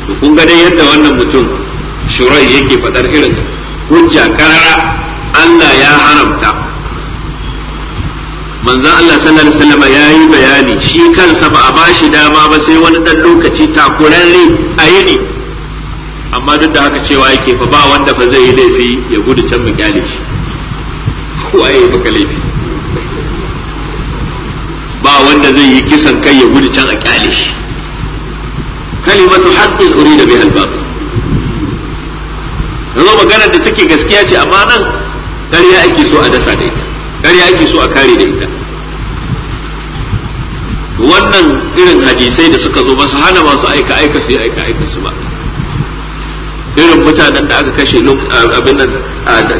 to kun ga dai yadda wannan mutum shurai yake faɗar irin hujja karara Allah ya haramta manzon Allah sallallahu alaihi wasallam ya yi bayani shi kansa ba a bashi dama ba sai wani dan lokaci takurarre a ne. amma duk da haka cewa yake fa ba wanda ba zai yi laifi ya gudu can mu kyale shi kowa ya yi baka laifi ba wanda zai yi kisan kai ya gudu can a kyale shi kalimatu haqqin urida biha al-batil yanzu magana da take gaskiya ce amma nan ƙarya ake so a dasa da ita ƙarya ake so a kare da ita wannan irin hadisai da suka zo ba su hana masu aika aika su yi aika aika su ba irin mutanen da aka kashe abin nan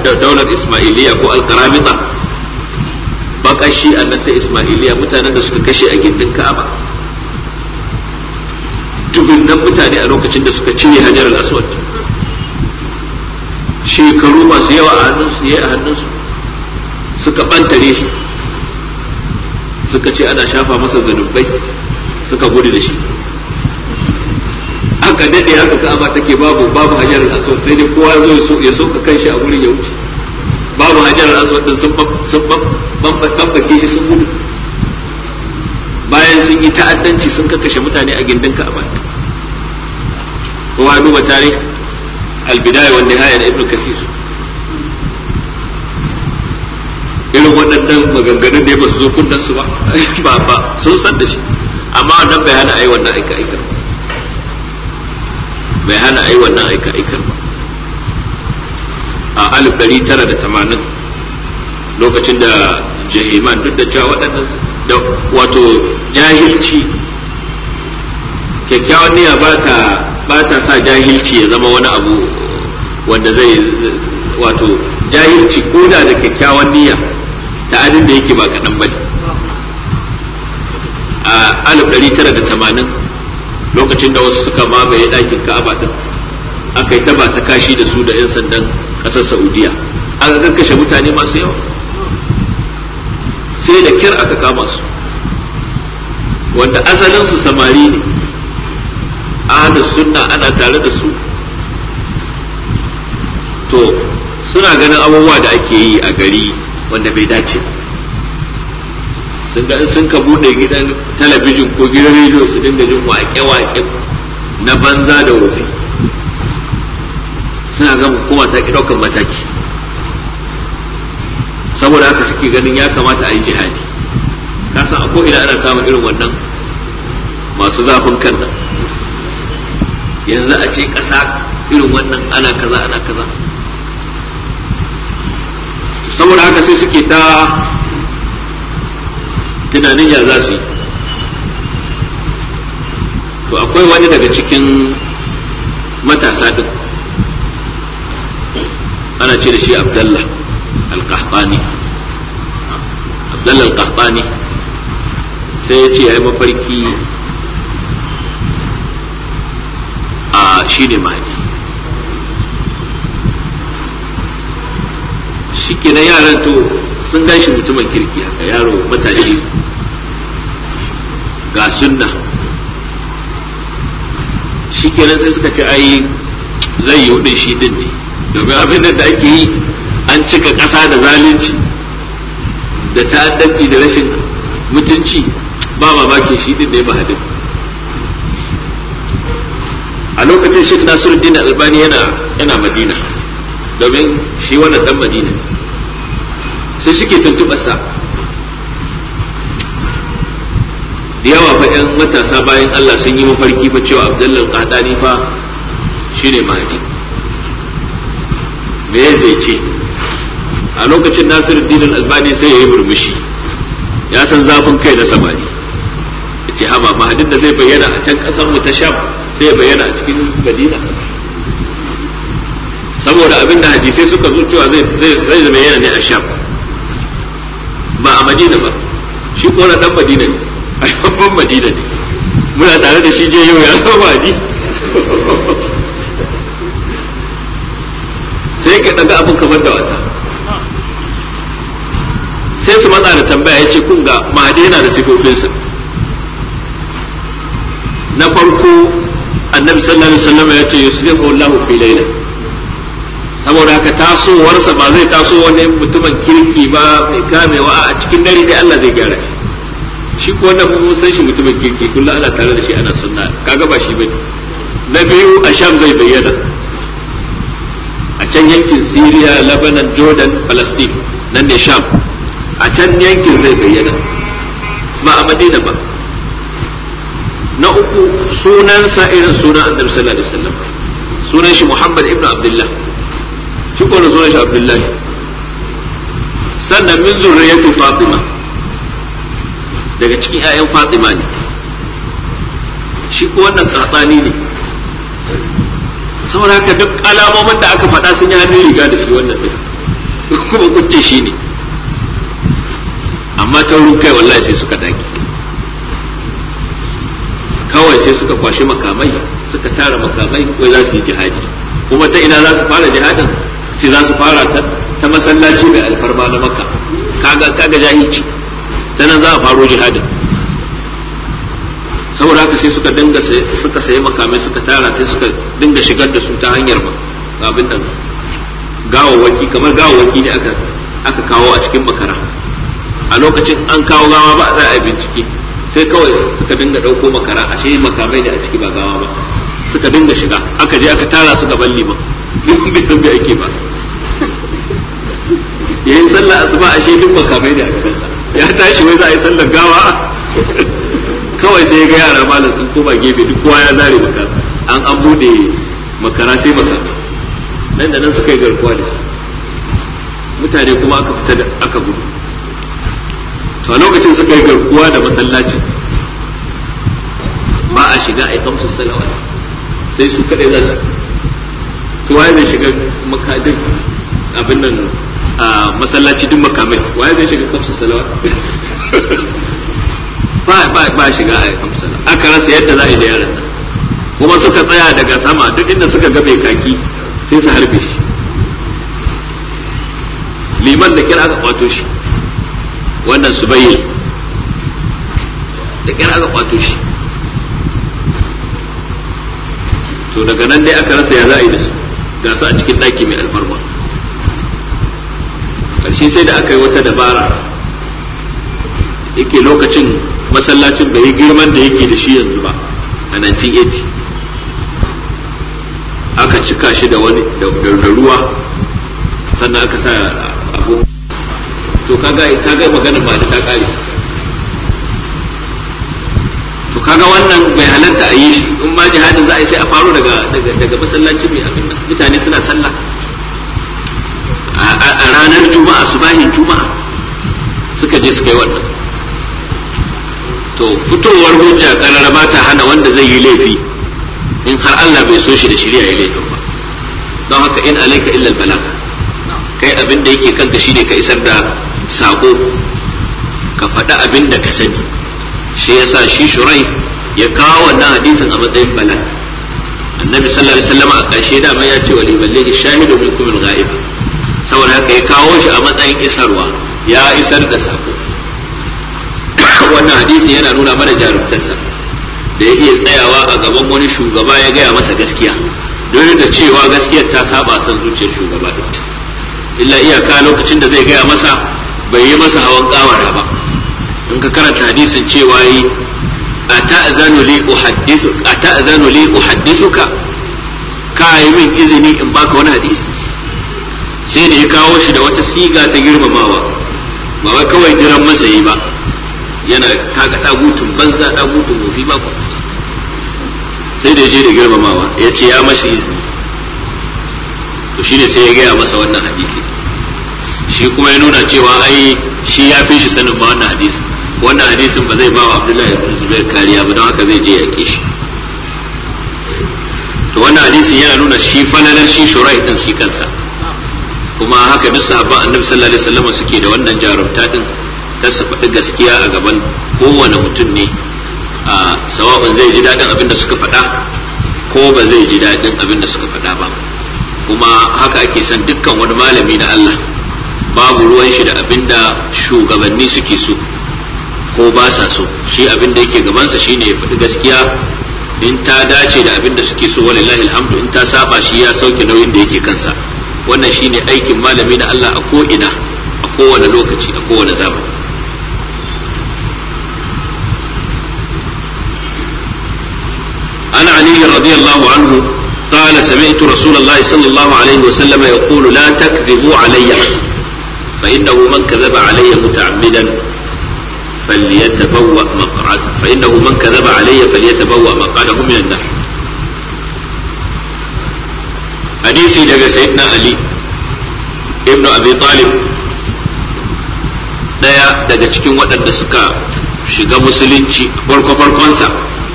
da daular ismailiya ko alkaramita bakashi nan ta ismailiya mutanen da suka kashe a gindin ka'aba dubinnan mutane a lokacin da suka cire hajar al-aswad shekaru masu yawa a hannunsu yayi a hannunsu suka bantare shi suka ce ana shafa masa zanubai suka gudu da shi aka dade haka ka'aba take babu babu hajar al-aswad sai dai kowa ya zo ya soka kanshi a wurin ya wuce babu hajar al-aswad din sun sun bambake shi sun gudu bayan sun yi ta'addanci sun kakkashe mutane a gindin ka'aba kowa duba tarih al-bidaya wa nihaya da ibnu kasir irin waɗannan maganganun da ya ba su zo kundansu su ba ba sun san da shi amma wannan bai hana yi wannan aika aikar ba bai hana a yi wannan aika aikar ba a alif dari tara da tamanin lokacin da jahiman duk da cewa waɗannan wato jahilci kyakkyawan niyya ba ta sa jahilci ya zama wani abu wanda zai wato jahilci ko da da kyakkyawan niyya ta adin da yake ba kaɗan ba ne a alif dari tara da tamanin lokacin da wasu suka mamaye ɗakin ka'aba din aka yi taba ta kashi da su da 'yan sandan ƙasar saudiya aka kakkashe mutane masu yawa sai da kyar aka kama su wanda asalinsu samari ne ahlus sunna ana tare da su to suna ganin abubuwa da ake yi a gari wanda bai dace ba sun ga sun ka bude gidan talabijin ko gidan rediyo su dinga jin waƙe-waƙe na banza da wofi suna ga hukuma ta ki ɗaukan mataki saboda haka suke ganin ya kamata a yi jihadi san a ko'ina ana samun irin wannan masu zafin kan nan yanzu a ce ƙasa irin wannan ana kaza ana kaza saboda haka sai suke ta tunanin ya za su yi to akwai wani daga cikin matasa din ana ce da shi abdallah alkahtani abdallah alkahtani sai ya ce ya yi mafarki a shi ne mahadi shi na yaran to sun gashi mutumin kirki a yaro matashi ga sunna shi ke sai suka ce ai zai yi din shi din ne domin abin da ake yi an cika ƙasa da zalunci da ta'addanci da rashin mutunci ba mamaki shi din ne mahadin a lokacin shi nasiruddin albani yana yana madina domin shi wannan dan madina sai shi ke tuntuɓarsa da yawa fa yan matasa bayan Allah sun yi mafarki fa cewa Abdullal Qadani fa shine mahdi me zai ce a lokacin Nasiruddin Al-Albani sai ya yi murmushi ya san zafin kai na samari yace amma mahdin da zai bayyana a can kasar mu ta Sham sai bayyana a cikin Madina saboda abin da hadisai suka zo cewa zai zai bayyana ne a Sham ba a Madina ba shi kora dan Madina ne ban madina ne muna tare da shi je yau ya zama ni sai ka ɗaga abin kamar da wasa sai su matsa da tambaya ya ce kun ga madina yana da sifofinsa na farko annabi sallallahu alaihi wasallam ya ce yusrifu Allahu fi layla saboda haka tasowarsa ba zai taso wani mutumin kirki ba mai kamewa a cikin dare dai Allah zai gyara shi shi ko wannan mun san shi mutumin kirki kullum ana tare da shi ana sunna kaga ba shi bane na biyu a sham zai bayyana a can yankin Syria Lebanon Jordan Palestine nan ne sham a can yankin zai bayyana ba a Madina ba na uku sa irin sunan annabi sallallahu alaihi wasallam sunan shi Muhammad ibn Abdullah shi ko sunan shi Abdullah sannan min zurriyatu Fatima daga cikin 'ya'yan fatima ne shi ko wannan katsani ne saboda haka duk alamomin da aka faɗa sun yi hannun riga da shi wannan ɗin kuma kuce shi ne amma wurin kai wallahi sai suka daki kawai sai suka kwashi makamai suka tara makamai wai za su yi jihadi kuma ta ina za su fara jihadin sai za su fara ta masallaci mai alfarma na maka kaga kaga jahilci ta nan za a faro jihadin saboda haka sai suka dinga suka sayi makamai suka tara sai suka dinga shigar da su ta hanyar ba abin nan gawawaki kamar gawawaki ne aka aka kawo a cikin makara a lokacin an kawo gawa ba za a yi bincike sai kawai suka dinga ɗauko makara a shi makamai ne a ciki ba gawa ba suka dinga shiga aka je aka tara su gaban lima duk bai san bai ake ba yayin sallah asuba shi duk makamai ne a ya tashi wai za a yi sallar gawa kawai sai ga yara malam sun koma gefe duk kowa ya zare maka an an bude makara sai maka nan da nan suka yi garkuwa da mutane kuma aka fita da aka gudu to a lokacin suka yi garkuwa da masallacin ba a shiga a yi kamsu salawa sai su kaɗai za su to waye zai shiga makadin abin nan a masallaci duk makamai waye zai shiga kamsa salawat ba ba ba shiga a kamsa aka rasa yadda za a yi da yaran kuma suka tsaya daga sama duk inda suka ga mai kaki sai su harbe shi liman da kira aka kwato shi wannan su bayyana da kira aka kwato shi to daga nan dai aka rasa ya za a yi da su ga su a cikin ɗaki mai alfarma ƙarshe sai da aka yi wata dabara yake lokacin masallacin bai girman da yake da shi yanzu ba a 1980 aka cika shi da wani da ruwa sannan aka sa abu to kaga kaga magana ba ta kare to kaga wannan bai halarta a yi shi in ma jihadin za a yi sai a faro daga daga masallaci mai abin mutane suna sallah a ranar juma'a su bahin juma'a suka je suka yi wannan to fitowar hujja karara ba ta hana wanda zai yi laifi in har Allah bai so shi da shirya ya laifin ba don haka in alaika illal bala kai abin da yake kanka shine ka isar da sako ka faɗa abin da ka sani shi yasa shi shurai ya kawo wannan hadisin a matsayin bala annabi sallallahu alaihi wasallam a ƙarshe da ya ce wa liballahi shahidu minkum al-ghaib saboda haka ya kawo shi a matsayin isarwa ya isar da sako wannan hadisi yana nuna mana jarumtarsa da ya iya tsayawa a gaban wani shugaba ya gaya masa gaskiya don da cewa gaskiyar ta saba san zuciyar shugaba din illa iyaka lokacin da zai gaya masa bai yi masa hawan kawara ba in ka karanta hadisin cewa yi ata'zanu li ata'zanu li uhaddithuka ka yi min izini in baka wani hadisi sai da ya kawo shi da wata siga ta girmamawa ba wai kawai jiran masa yi ba yana kaga dagutun banza dagutun gofi ba ku sai da ya je da girmamawa ya ce ya mashi izini to shine sai ya gaya masa wannan hadisi shi kuma ya nuna cewa ai shi ya fi shi sanin ba wannan hadisi wannan hadisin ba zai ba wa Abdullahi ibn Zubair kariya ba don haka zai je ya shi to wannan hadisi yana nuna shi fananar shi shurai din shi kansa kuma haka duk sahabban annabi sallallahu alaihi wasallam suke da wannan jarumta din ta su faɗi gaskiya a gaban kowane mutum ne a sawabin zai ji daɗin abin da suka faɗa ko ba zai ji daɗin abin da suka faɗa ba kuma haka ake san dukkan wani malami na Allah babu ruwan shi da abin da shugabanni suke so ko ba sa so shi abin da yake gabansa shine ya faɗi gaskiya in ta dace da abin da suke so walillahi alhamdu in ta saba shi ya sauke nauyin da yake kansa wannan shine aikin malami na Allah a ko'ina a kowane lokaci a kowane zamani an ali radiyallahu anhu قال سمعت رسول الله صلى الله عليه وسلم يقول لا تكذبوا علي فإنه من كذب علي متعمدا فليتبوأ مقعد فإنه من كذب علي فليتبوأ مقعده من النار hadisi daga sayyidina ali ibn abi talib daya daga cikin waɗanda suka shiga musulunci farko farkonsa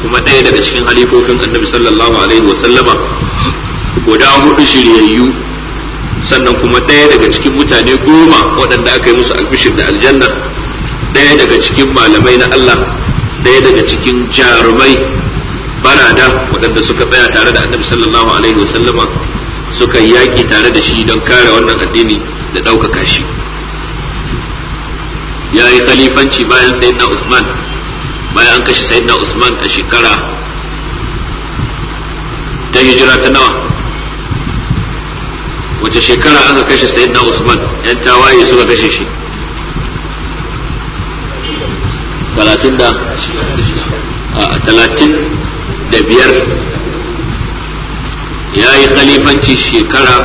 kuma ɗaya daga cikin halifofin annabi sallallahu alaihi wa sallama guda hudu shiryayyu sannan kuma ɗaya daga cikin mutane goma waɗanda aka yi musu albishir da aljanna ɗaya daga cikin malamai na Allah ɗaya daga cikin jarumai barada waɗanda suka tsaya tare da annabi sallallahu alaihi wa sallama suka yi yaƙi tare da shi don kare wannan addini da ɗaukaka shi ya yi khalifanci bayan sayyidina usman bayan an kashe sayyidina usman a shekara ta hijira ta nawa wace shekara aka kashe sayyidina usman yan tawaye suka kashe shi talatin da talatin da biyar ya yi khalifanci shekara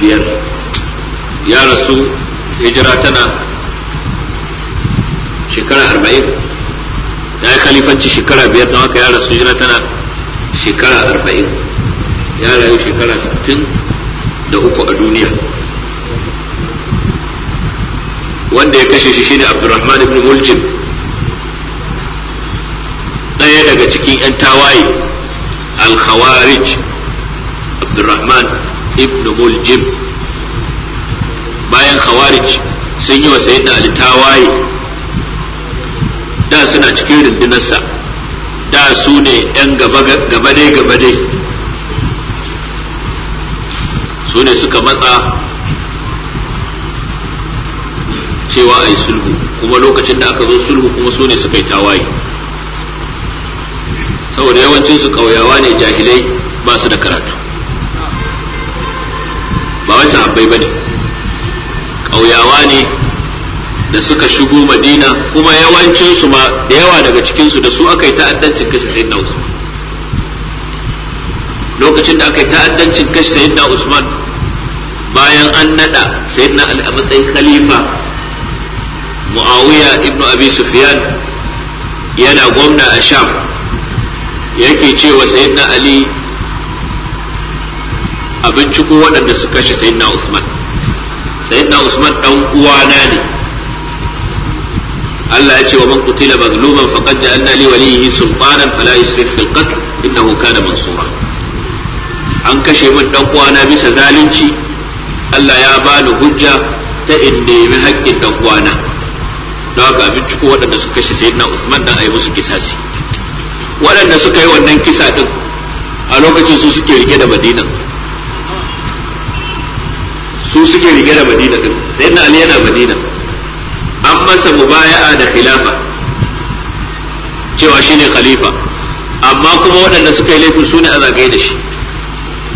biyar ya rasu hijira tana shekara arba'in ya yi khalifanci shekara biyar don haka ya rasu hijira tana shekara arba'in ya rayu shekara sittin da uku a duniya wanda ya kashe shi shi ne abdurrahman ibn muljim ɗaya daga cikin 'yan tawaye al-khawarij abdurrahman ibn muljim bayan khawarij sun yi wa sayyidina ali tawaye da suna cikin rundunarsa da su ne yan gaba gaba dai gaba dai su ne suka matsa cewa a yi sulhu kuma lokacin da aka zo sulhu kuma su ne suka yi tawaye saboda yawancin su ƙauyawa ne jahilai ba su da karatu wai sahabbai bane ƙauyawa ne da suka shigo madina kuma yawancin ma da yawa daga cikinsu da su aka yi ta'addancin kashe na usman lokacin da aka yi ta'addancin kashe na usman bayan an nada sayyidina ali a matsayin khalifa muawiya ibnu abi sufyan yana gwamna a sham yake cewa na ali a binciko waɗanda su kashe sayyidina Usman sayyidina Usman dan uwana ne Allah ya ce wa man qutila mazluman faqad ja'alna li walihi sultanan fala yusrif fil qatl innahu kana mansura an kashe min dan uwana bisa zalunci Allah ya bani hujja ta inda nemi haƙƙin dan uwana don haka abinci ko waɗanda su kashe sayyidina Usman dan ayi musu kisasi waɗanda suka yi wannan kisa din a lokacin su suke rike da Madina su suke rike da madina din sai na ali yana madina an masa mubaya'a da khilafa cewa shine khalifa amma kuma waɗanda suka yi laifin su ne a zagaye da shi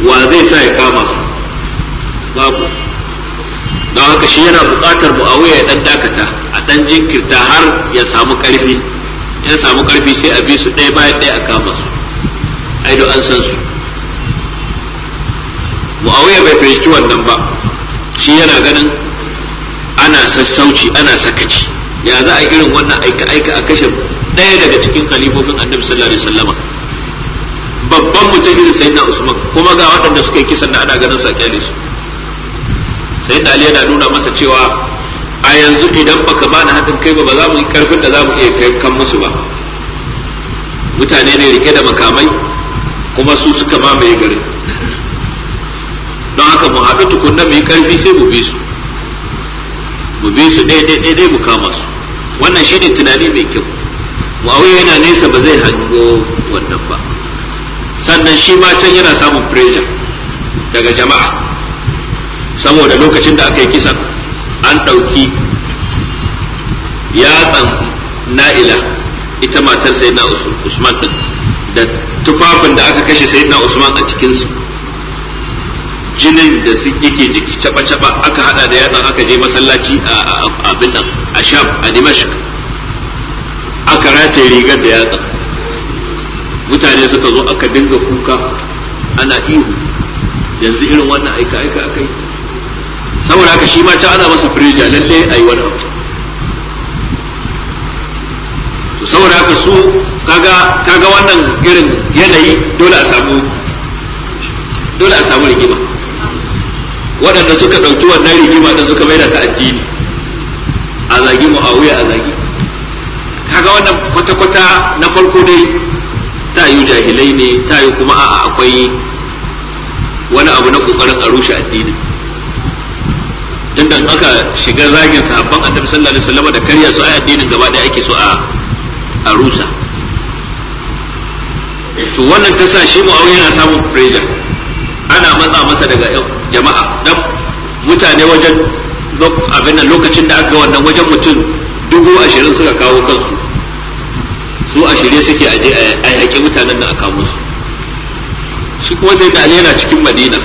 wa zai sa ya kama su babu don haka shi yana buƙatar mu'awiya ya ɗan dakata a ɗan jinkirta har ya samu ƙarfi ya samu ƙarfi sai a bi su ɗaya bayan ɗaya a kama su ai an san su mu'awiya bai fahimci wannan ba shi yana ganin ana sassauci ana sakaci ya za a irin wannan aika-aika a kashe ɗaya daga cikin khalifofin annabi sallallahu alaihi wasallam babban mutum irin sayyidina usman kuma ga waɗanda suka yi kisan da ana ganin su a kyale su sayyidina ali yana nuna masa cewa a yanzu idan baka bani haɗin kai ba ba za mu yi karfin da za mu iya kai kan musu ba mutane ne rike da makamai kuma su suka mamaye garin don haka mu haɗu tukunna mu yi ƙarfi sai mu bi su mu bi su ɗaya ɗaya mu kama su wannan shine tunani mai kyau muawiya yana nesa ba zai hango wannan ba sannan shi ma can yana samun pressure daga jama'a saboda lokacin da aka yi kisan an ɗauki yatsan na'ila ita matar sai na usman da tufafin da aka kashe sai na usman a cikinsu jinin da su yake jiki caba-caba aka hada da yatsan aka je masallaci a abin nan a sham a dimashq aka rataye rigar da yatsa mutane suka zo aka dinga kuka ana ihu yanzu irin wannan aika-aika akai saboda haka shi ma ta ana masa firija lalle a yi wani abu to saboda haka su kaga kaga wannan irin yanayi dole a samu dole a samu rigima waɗanda suka ɗauki wannan rigima da suka maida ta addini a zagi muawiya a zagi kaga wannan kwata-kwata na farko dai ta yi jahilai ne ta yi kuma a'a akwai wani abu na ƙoƙarin a rushe addini tunda aka shiga zagin sahabban annabi sallallahu alaihi wasallam da karya su a addinin gaba ɗaya ake so a rusa to wannan ta sa shi mu'awiya yana samun pressure ana matsa masa daga yau. jama'a dan mutane wajen abin nan lokacin da aka wannan wajen mutum dubu ashirin suka kawo kansu su ashirin suke aje a yaƙi mutanen da aka musu shi kuma sai da yana cikin madina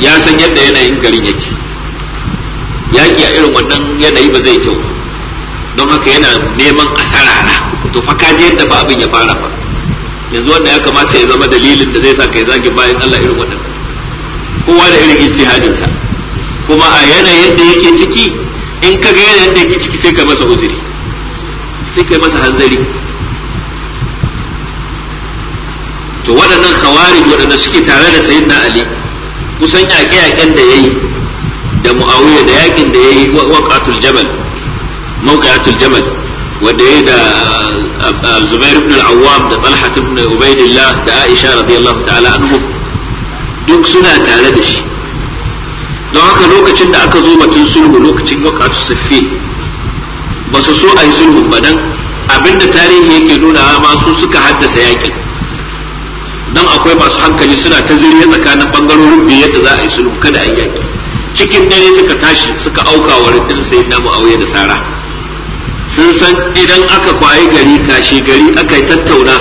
ya san yadda yanayin garin yake yaƙi a irin wannan yanayi ba zai kyau don haka yana neman asara na to fa ka je yadda ba abin ya fara fa yanzu wanda ya kamata ya zama dalilin da zai sa kai zagin bayan Allah irin wannan kowa da irin istihadinsa kuma a yanayin da yake ciki in ka ga yanayin da yake ciki sai ka masa uzuri sai ka masa hanzari to waɗannan khawarij waɗanda suke tare da sayyidina ali kusan yaƙe-yaƙen da ya yi da mu'awiya da yaƙin da ya yi waƙatul jabal mawqi'atul jabal wanda ya da Zubair ibn al-Awwam da Talha ibn Ubaidillah da Aisha radiyallahu ta'ala anhum duk suna tare da shi don haka lokacin da aka zo batun sulhu lokacin wakatu siffi ba su so a yi sulhu ba dan abinda tarihi yake nuna ma su suka haddasa yakin don akwai masu hankali suna ta zirya tsakanin bangarorin biyu yadda za a yi sulhu kada a yi yaki cikin dare suka tashi suka auka wa rindin sai na mu'awiya da sara sun san idan aka kwaye gari kashe gari aka yi tattauna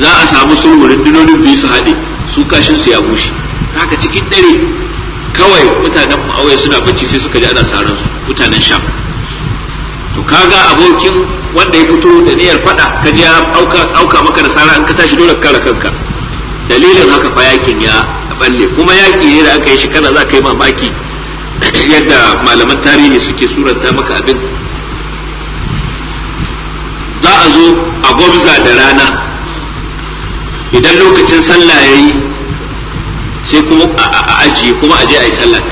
za a samu sulhu rundunonin biyu su haɗe su kashin su ya bushe haka cikin dare kawai mutanen mu'awiya suna bacci sai suka ji ana saran su mutanen sham to kaga abokin wanda ya fito da niyyar fada ka ji ya auka maka da sara an ka tashi dole kare kanka dalilin haka fa yakin ya balle kuma yaki ne da aka yi shi kana za ka yi mamaki yadda malaman tarihi suke suranta maka abin za a zo a gwamza da rana idan lokacin sallah ya yi sai kuma a ajiye kuma a je a yi sallah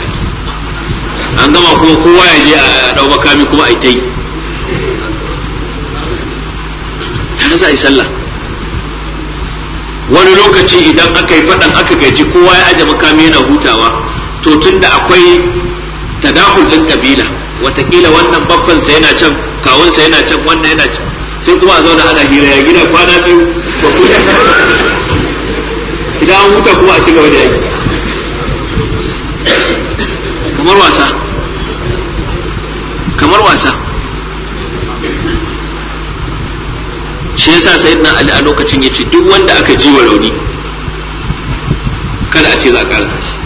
an gama kuma kowa ya je a dau makami kuma a yi ta yi tare za a yi sallah wani lokaci idan aka yi faɗan aka gaji kowa ya aje makami yana hutawa to tunda akwai tadahul din kabila watakila wannan babbansa yana can kawunsa yana can wannan yana can sai kuma a zauna ana hira ya gina kwana biyu ba idan an huta kuma a ci gaba da yaki kamar wasa kamar wasa shi yasa sayyidina ali a lokacin yace duk wanda aka ji wa rauni kada a ce za a karasa shi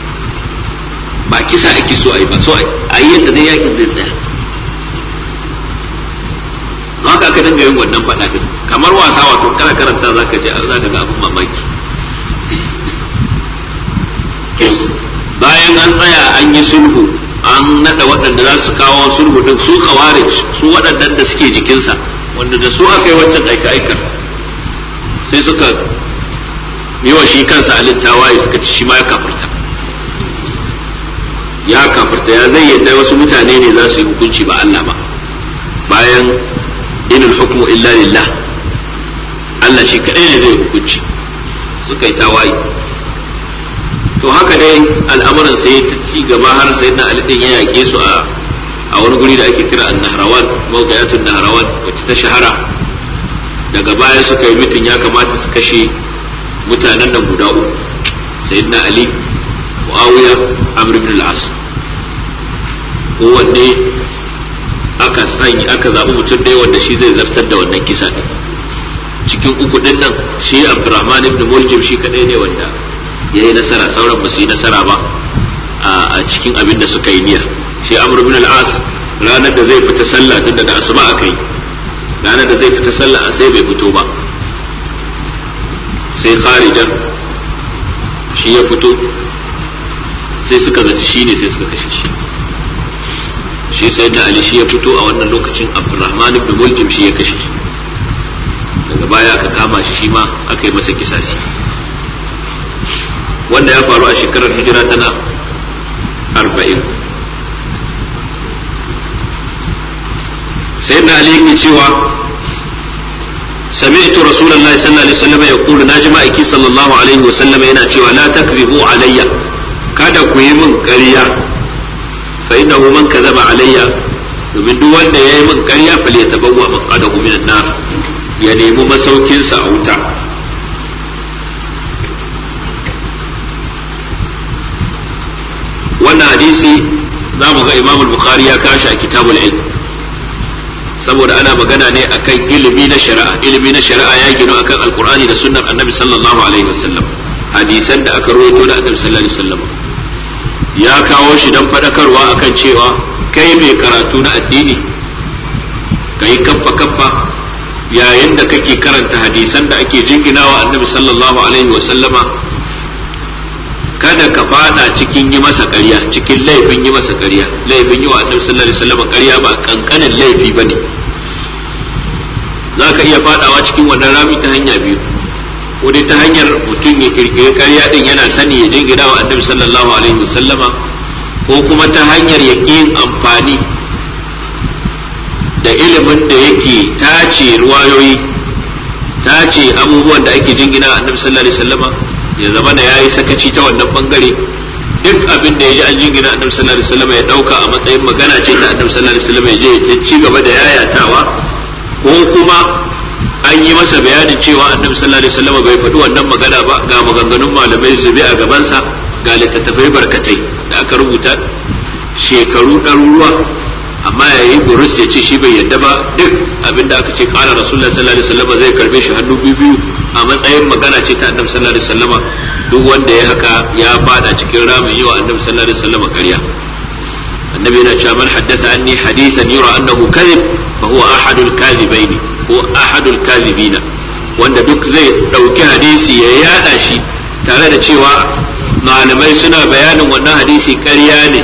ba kisa ake so a yi ba so a yi yadda zai yakin zai tsaya haka aka dinga yin wannan faɗaɗin kamar wasa wato kana karanta zaka za ka ga abin mamaki bayan an tsaya an yi sulhu an nada waɗanda za su kawo sulhu duk su khawarij su waɗannan da suke jikinsa wanda da su aka yi waccan aika-aikar sai suka yi wa shi kansa alin tawaye suka ci shi ma ya kafirta ya kafirta ya zai yadda wasu mutane ne za su yi hukunci ba Allah ba bayan inul hukmu illa lillah Allah shi kaɗai ne zai hukunci suka yi tawaye to haka dai al'amuran sai ta ci gaba har sai na alidin ya yake su a a wani guri da ake kira annahrawan mawqiyatun naharawan wacce ta shahara daga baya suka yi mutum ya kamata su kashe mutanen nan guda uku na ali muawiya amr ibn kowanne aka sanya aka zaɓi mutum ɗaya wanda shi zai zartar da wannan kisa cikin uku ɗin nan shi abdurrahman ibn muljim shi kaɗai ne wanda ya yi nasara sauran ba su yi nasara ba a cikin abin da suka yi niyya shi amr ibn al-as ranar da zai fita sallah tun daga asuba a kai ranar da zai fita sallah sai bai fito ba sai kharija shi ya fito sai suka zaci shi ne sai suka kashe shi shi sai da ali shi ya fito a wannan lokacin abdurrahman ibn muljim shi ya kashe shi daga baya aka kama shi shi ma aka yi masa kisasi wanda ya faru a shekarar hijira tana arba'in sai na ali yake cewa سمعت رسول sallallahu alaihi الله عليه وسلم يقول ناجم أكي صلى الله عليه cewa لا takribu alayya. kada ku yi min ƙarya fa innahu man kadhaba alayya domin duk wanda ya yi min ƙarya fa liyatabawwa maqadahu min an-nar ya nemi masaukin sa a wuta wannan hadisi za mu ga imamul bukhari ya kashi a kitabul ilm saboda ana magana ne akan ilimi na shari'a ilimi na shari'a ya gino akan alqur'ani da sunnar annabi sallallahu alaihi wasallam hadisan da aka rawaito da annabi sallallahu alaihi wasallam ya kawo shi dan fadakarwa akan cewa kai mai karatu na addini kai kaffa kaffa yayin da kake karanta hadisan da ake jinginawa annabi sallallahu alaihi wasallama kada ka fada cikin yi masa ƙarya cikin laifin yi masa ƙarya laifin yi wa annabi sallallahu alaihi wasallam ƙarya ba kankanin laifi bane za ka iya fadawa cikin wannan rami ta hanya biyu wani ta hanyar mutum ya kirkiri ƙarya din yana sani ya jingina wa annabi sallallahu alaihi wasallama ko kuma ta hanyar ya yin amfani da ilimin da yake tace ruwayoyi tace abubuwan da ake jingina wa annabi sallallahu alaihi wasallama ya zama da yayi sakaci ta wannan bangare duk abin da ya ji an jingina annabi sallallahu alaihi wasallam ya dauka a matsayin magana ce ta annabi sallallahu alaihi wasallam ya je ya ci gaba da yayatawa ko kuma an yi masa bayanin cewa annabi sallallahu alaihi wasallam bai faɗi wannan magana ba ga maganganun malamai su zube a gabansa ga littattafai barkatai da aka rubuta shekaru ɗaruruwa ya yi burus ya ce shi bai yadda ba duk abin da aka ce kala rasulullah sallallahu alaihi wasallam zai karbe shi hannu biyu biyu a matsayin magana ce ta annabi sallallahu alaihi wasallam duk wanda ya haka ya fada cikin ramin yi wa annabi sallallahu alaihi wasallam ƙarya annabi yana cewa man haddatha anni hadithan yura annahu kadhib fa huwa ahadul kadhibaini ko ahadul kadhibina wanda duk zai dauki hadisi ya yada shi tare da cewa malamai suna bayanin wannan hadisi ƙarya ne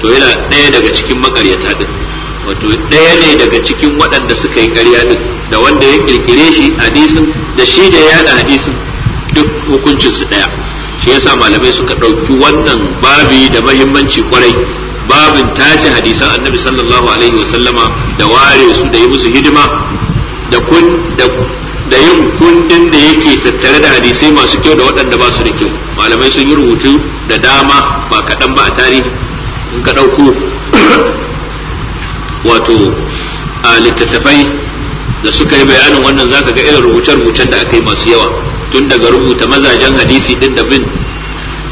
to yana ɗaya daga cikin makaryata din wato ɗaya ne daga cikin waɗanda suka yi ƙarya din da wanda ya kirkire shi hadisin da shi da ya yada hadisin duk hukuncin su ɗaya shi yasa malamai suka ɗauki wannan babi da mahimmanci kwarai babin tace hadisan annabi sallallahu alaihi wa sallama da ware su da yi musu hidima da kun da da yin kundin da yake tattare da hadisai masu kyau da waɗanda ba su da kyau malamai sun yi rubutu da dama ba kaɗan ba a tarihi in ka ɗauko wato a littattafai da suka yi bayanin wannan zaka ga irin rubuce-rubucen da aka yi masu yawa tun daga rubuta mazajen hadisi din da bin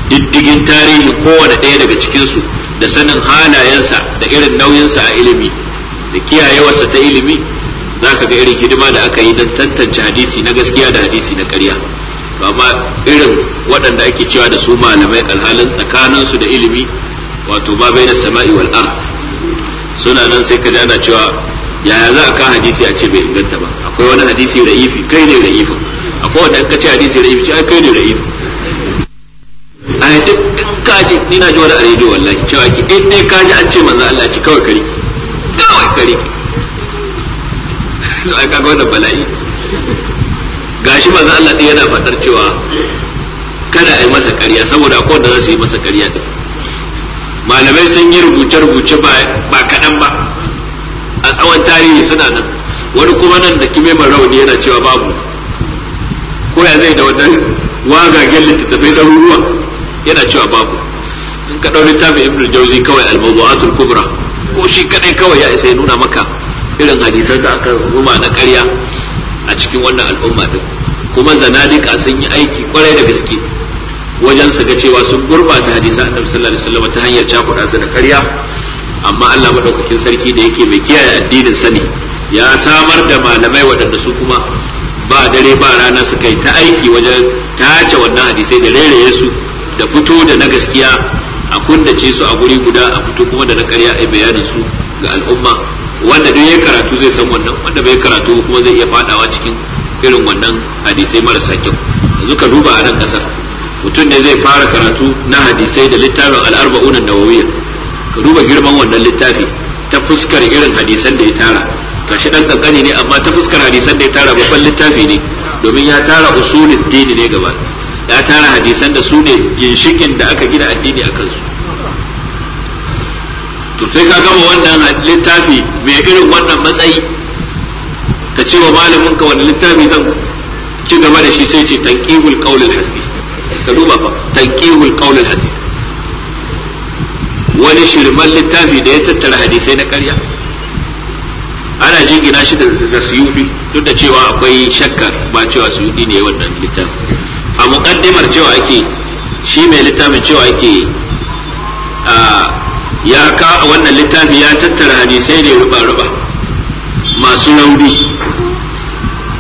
diddigin tarihi kowane ɗaya daga cikinsu da sanin halayensa da irin nauyinsa a ilimi da kiyayewarsa ta ilimi za ka ga irin hidima da aka yi don tantance hadisi na gaskiya da hadisi na ƙarya amma irin waɗanda ake cewa da su malamai alhalin tsakaninsu da ilimi wato ba bai na sama'i wal ard suna nan sai ka ana cewa yaya za a ka hadisi a ce bai inganta ba akwai wani hadisi ra'ifi kai ne ra'ifi akwai wanda ka ce hadisi ra'ifi ce kai ne ra'ifi a yadda ka ji ni na ji wani a rediyo wallahi cewa ki in dai ka ji an ce manzo Allah ci kawai kari kawai kari to ai kaga wannan bala'i gashi manzo Allah din yana fadar cewa kada a yi masa ƙarya saboda akwai wanda za su yi masa ƙarya din malamai sun yi rubuce-rubuce ba kaɗan ba a tsawon tarihi suna nan wani kuma nan da kime rauni yana cewa babu ko ya zai da wannan wagagen littattafai ɗaruruwa yana cewa babu in ka ɗau littafin ibn jauzi kawai al-mawdu'atul kubra ko shi kadai kawai ya isa ya nuna maka irin hadisan da aka ruma na karya a cikin wannan al'umma din kuma zanadika sun yi aiki kwarai da gaske wajen su ga cewa sun gurbata hadisan annabi sallallahu alaihi wasallam ta hanyar cakuda su da ƙarya amma Allah madaukakin sarki da yake mai kiyaye addinin sa ne ya samar da malamai waɗanda su kuma ba dare ba rana su kai ta aiki wajen tace wannan hadisai da rairaye su da fito da na gaskiya a kundace su a guri guda a fito kuma da na ƙarya a bayanin su ga al'umma wanda duk ya karatu zai san wannan wanda bai karatu kuma zai iya fadawa cikin irin wannan hadisai marasa kyau yanzu ka duba a nan kasar mutum ne zai fara karatu na hadisai da littafin al'arba'un nawawiyya ka duba girman wannan littafi ta fuskar irin hadisan da ya tara ka shi dan kankani ne amma ta fuskar hadisan da ya tara babban littafi ne domin ya tara usulin dini ne gaba ya tara hadisan da su ne ginshikin da aka gina addini a kansu to sai ka gama wannan littafi mai irin wannan matsayi ka ce wa malamin ka wani littafi zan ci gaba da shi sai ce tanqihul qawl al ka duba fa tankihul qawl al hadith wani shirman littafi da ya tattara hadisai na ƙarya ana jingina shi da suyudi duk da cewa akwai shakkar ba cewa suyudi ne wannan littafi a muƙaddimar cewa ake shi mai littafin cewa ake ya ka wannan littafi ya tattara hadisai ne ruba-ruba masu rauni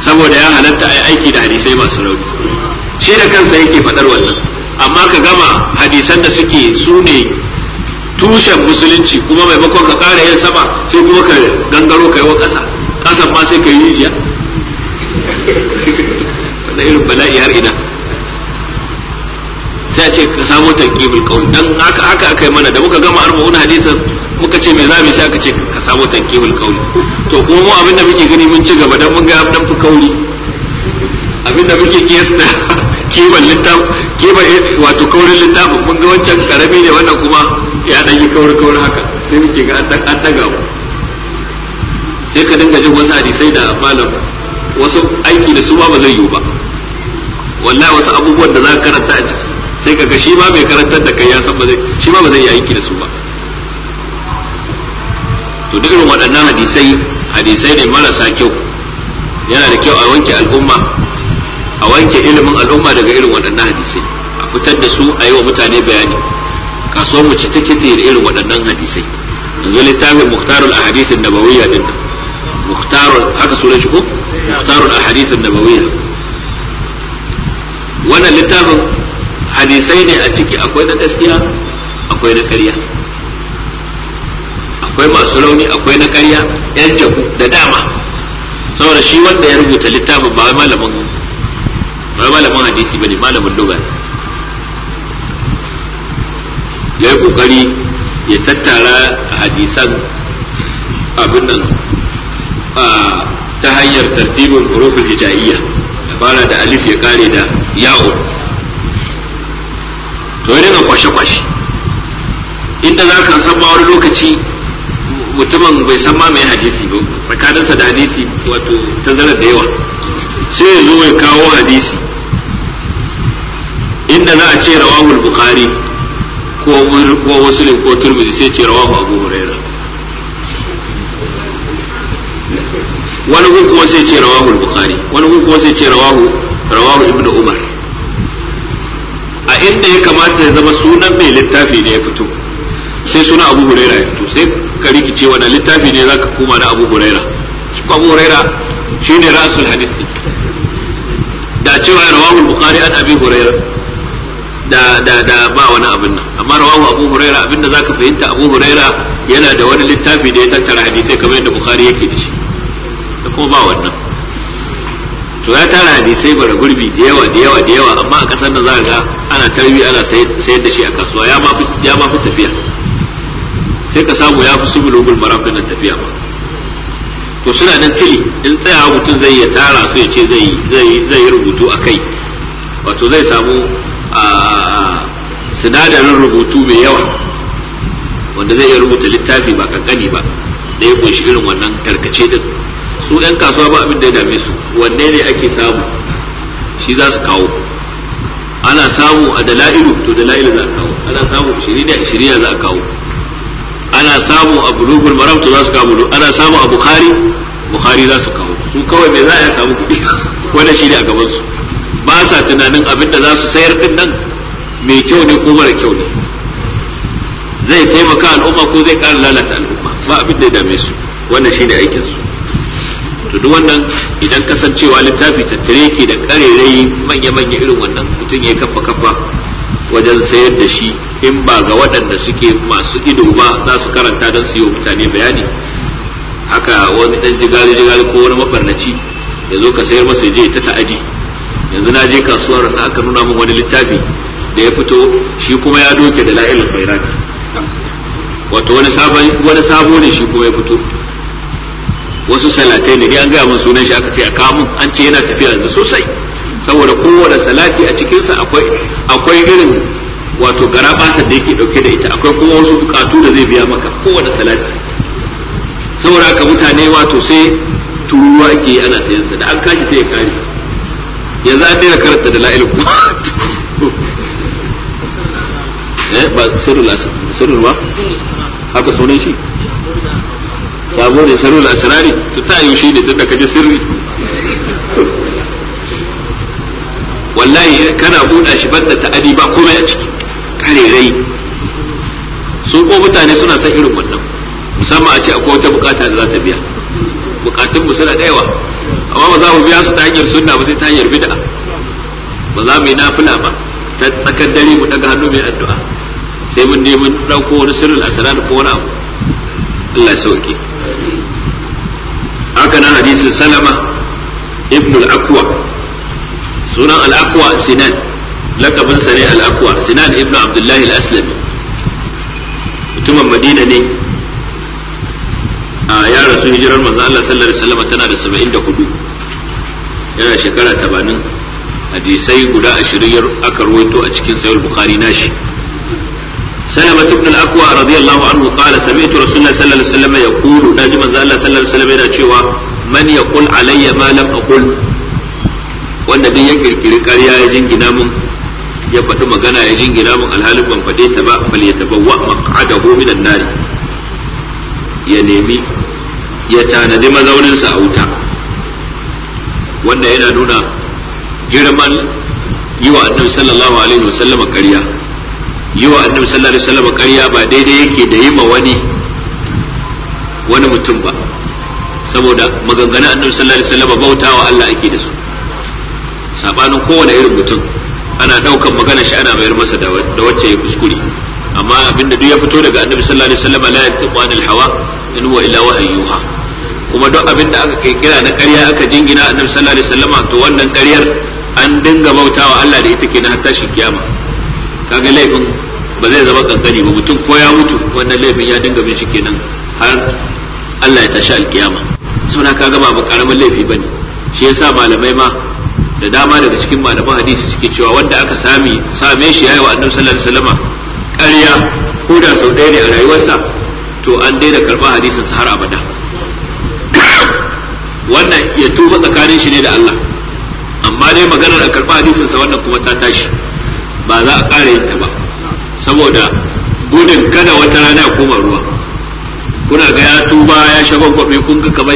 saboda ya halatta a aiki da hadisai masu rauni shi da kansa yake faɗar wannan amma ka gama hadisan da suke su ne tushen musulunci kuma maimakon ka ƙara yin sama sai kuma ka gangaro ka yi wa ƙasa ƙasan ma sai ka yi rijiya wannan irin bala'i har ina sai a ce ka samu tankibul qaul dan haka haka aka yi mana da muka gama arba'un hadisan muka ce me za mu sai aka ce ka samu tankibul qaul to kuma mu abinda muke gani mun ci gaba dan mun ga dan fi kauri abinda muke kiyasta kiban littafi kiban eh, wato kaurin littafin mun ga wancan karami ne wannan kuma ya dan yi kauri kauri haka sai muke ga an daga mu sai ka dinga jin wasu hadisai da malam wasu aiki da su ma ba zai yiwu ba wallahi wasu abubuwan da za ka karanta a ciki sai ka ga shi ma mai karantar da kai ya san ba zai shi ma ba zai yi aiki da su ba to duk waɗannan hadisai hadisai ne marasa kyau yana da kyau a wanke al'umma a wanke ilimin al'umma daga irin waɗannan hadisai a fitar da su a yi wa mutane bayani kasuwar mu ci take da irin waɗannan hadisai yanzu littafin muhtarul da nabawiyya din nan muhtarul haka sunan shi ko muhtarul ahadith nabawiyya wannan littafin hadisai ne a ciki akwai na gaskiya akwai na ƙarya akwai masu rauni akwai na ƙarya yan jabu da dama saboda shi wanda ya rubuta littafin ba malamin ba malamin hadisi bane malamin lugha ya yi kokari ya tattara hadisan abin nan ta hanyar tartibin hurufin hijaiya ya fara da alif ya kare da yawon to ya dinga kwashe-kwashe inda za ka san ma wani lokaci mutumin bai san ma mai hadisi ba tsakaninsa da hadisi wato tazarar da yawa sai ya zo ya kawo hadisi inda za a ce rawahu bukhari ko ko muslim ko turmizi sai ce rawahu abu huraira wani gun kuma sai ce rawahu bukhari wani gun kuma sai ce rawahu rawahu ibnu umar a inda ya kamata ya zama sunan mai littafi ne ya fito sai suna abu huraira ya fito sai ka rikice wanda littafi ne zaka koma na abu huraira shi abu huraira shine rasul hadisi da cewa rawahu bukhari an abi huraira da da da ba wani abin nan amma rawahu abu huraira abinda zaka fahimta abu huraira yana da wani littafi da ya tattara hadisai kamar yadda bukhari yake da shi da kuma ba wannan to ya tara hadisai bara gurbi da yawa da yawa da yawa amma a kasar da zaka ga ana tarbi ana sayar da shi a kasuwa ya ma ya ma fi tafiya sai ka samu ya fi subulugul marafin da tafiya ba to suna nan tili in tsaya mutum zai ya tara su ya ce zai zai zai rubutu akai wato zai samu A sinadarin rubutu mai yawa wanda zai iya rubuta littafi ba kankani ba da ya kunshi irin wannan tarkace din su ɗan kasuwa ba abin da ya dame su wanne ne ake samu shi za su kawo ana samu a dala'ilu to dala'ilu za a kawo ana samu shiriya shirya za a kawo ana samu a bulugul maram to za su kawo ana samu a bukhari bukhari za su kawo su kawai me za a samu kuɗi wannan shi ne a gaban su ba sa tunanin abin da za su sayar din nan mai kyau ne ko mara kyau ne zai taimaka al'umma ko zai ƙara lalata al'umma ba abin da ya dame su wannan shine aikin su to duk wannan idan kasancewa littafi tattare ke da karerai manya-manya irin wannan mutum ya kafa kafa wajen sayar da shi in ba ga waɗanda suke masu ido ba za su karanta don su yi wa mutane bayani haka wani ɗan jigali-jigali ko wani mafarnaci ya zo ka sayar masa ya je ta ta'adi yanzu na je kasuwar da aka nuna min wani littafi da ya fito shi kuma ya doke da la'ilul khairat wato wani sabon wani sabo ne shi kuma ya fito wasu salatai ne an gaya min sunan shi aka ce a kamun an ce yana tafiya yanzu sosai saboda kowane salati a cikinsa akwai akwai irin wato garabasa da yake dauke da ita akwai kuma wasu bukatu da zai biya maka kowane salati saboda haka mutane wato sai turuwa ke ana sayansa da an kashi sai ya kare yanzu an daina karanta da la'il eh ba sirrul sirrul ba haka sunan shi sabo ne sirrul asrari to ta yi shi ne tunda kaje sirri wallahi kana buɗa shi banda ta'adi ba komai a ciki kare rai su ko mutane suna son irin wannan musamman a ce akwai wata bukata da za ta biya bukatun mu suna da yawa amma ba za mu biya su ta hanyar sunna ba sai ta hanyar bid'a ba za mu yi nafila ba ta tsakar dare mu daga hannu mai addu'a sai mun ne mun dauko wani sirrin asrar da wani abu Allah ya sauke haka nan hadisin Salama ibn al-Aqwa sunan al-Aqwa Sinan lakabin sa ne al-Aqwa Sinan ibn Abdullahi al-Aslami mutumin Madina ne a ya rasu hijirar manzo Allah sallallahu alaihi wasallam tana da 74 yana shekara tamanin hadisai guda ashirin aka rawaito a cikin sahih bukhari nashi سلمة بن الأكوى رضي radiyallahu anhu قال سمعت رسول الله صلى الله عليه وسلم يقول ناجما الله صلى الله عليه وسلم يقول من يقول علي ما لم wanda duk ya kirkiri ƙarya ya jingina mun ya faɗi magana ya jingina mun alhalin ban faɗe ta ba bal ya tabawwa maq'adahu minan nari ya nemi ya tanadi mazaunin sa a wuta wannan yana nuna girman yi wa annabi sallallahu alaihi sallama ƙarya yi wa annabi sallallahu alaihi wa sallama ƙarya ba daidai yake da yi ma wani wani mutum ba saboda maganganun annabi sallallahu alaihi wa bauta bautawa Allah ake da su sabanin kowane irin mutum ana daukan magana shi ana mayar masa da wacce ya kuskure amma abinda duk ya fito daga annabi sallallahu alaihi wa sallama la yaqtu hawa in huwa illa wahyuha kuma duk abin da aka kai kira na ƙarya aka jingina annabi sallallahu alaihi wasallama to wannan ƙaryar an dinga bautawa Allah da ita kenan har tashin kiyama kaga laifin ba zai zama kankani ba mutum ko ya mutu wannan laifin ya dinga bin shi kenan har Allah ya tashi alkiyama saboda kaga ba karamin laifi bane shi yasa malamai ma da dama daga cikin malaman hadisi suke cewa wanda aka sami same shi yayi wa annabi sallallahu alaihi wasallama ƙarya ko da sau ɗaya ne a rayuwarsa to an daina karɓar hadisin sa har abada wannan ya tuba tsakanin shi ne da Allah amma dai maganar a karɓa hadisinsa wannan kuma ta tashi ba za a ƙara yin ta ba saboda gudun kada wata rana ya koma ruwa kuna ga ya tuba ya sha kwafi kun ga kamar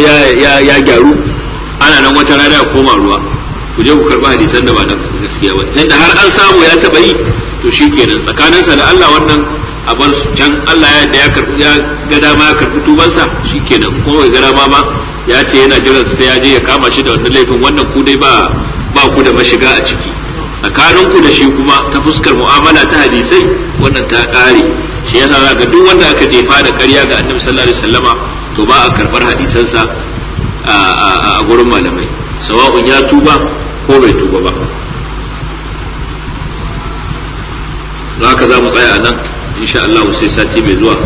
ya gyaru ana nan wata rana ya koma ruwa ku je ku karɓa hadisan da ba na gaskiya ba tunda har an samu ya taɓa yi to shi kenan tsakaninsa da Allah wannan a bar su can Allah ya da ya karbi ya ga dama ya karbi tubansa shikenan ko ga dama ma ya ce yana jiran sai ya je ya kama shi da wannan laifin wannan ku dai ba ku da mashiga a ciki tsakanin ku da shi kuma ta fuskar mu'amala ta hadisai wannan ta kare shi yasa ga duk wanda aka jefa da ƙarya ga annabi sallallahu alaihi wasallama to ba a karbar hadisansa a gurin malamai sawa'un ya tuba ko bai tuba ba Za ka za mu tsaya a nan insha Allah sai sati mai zuwa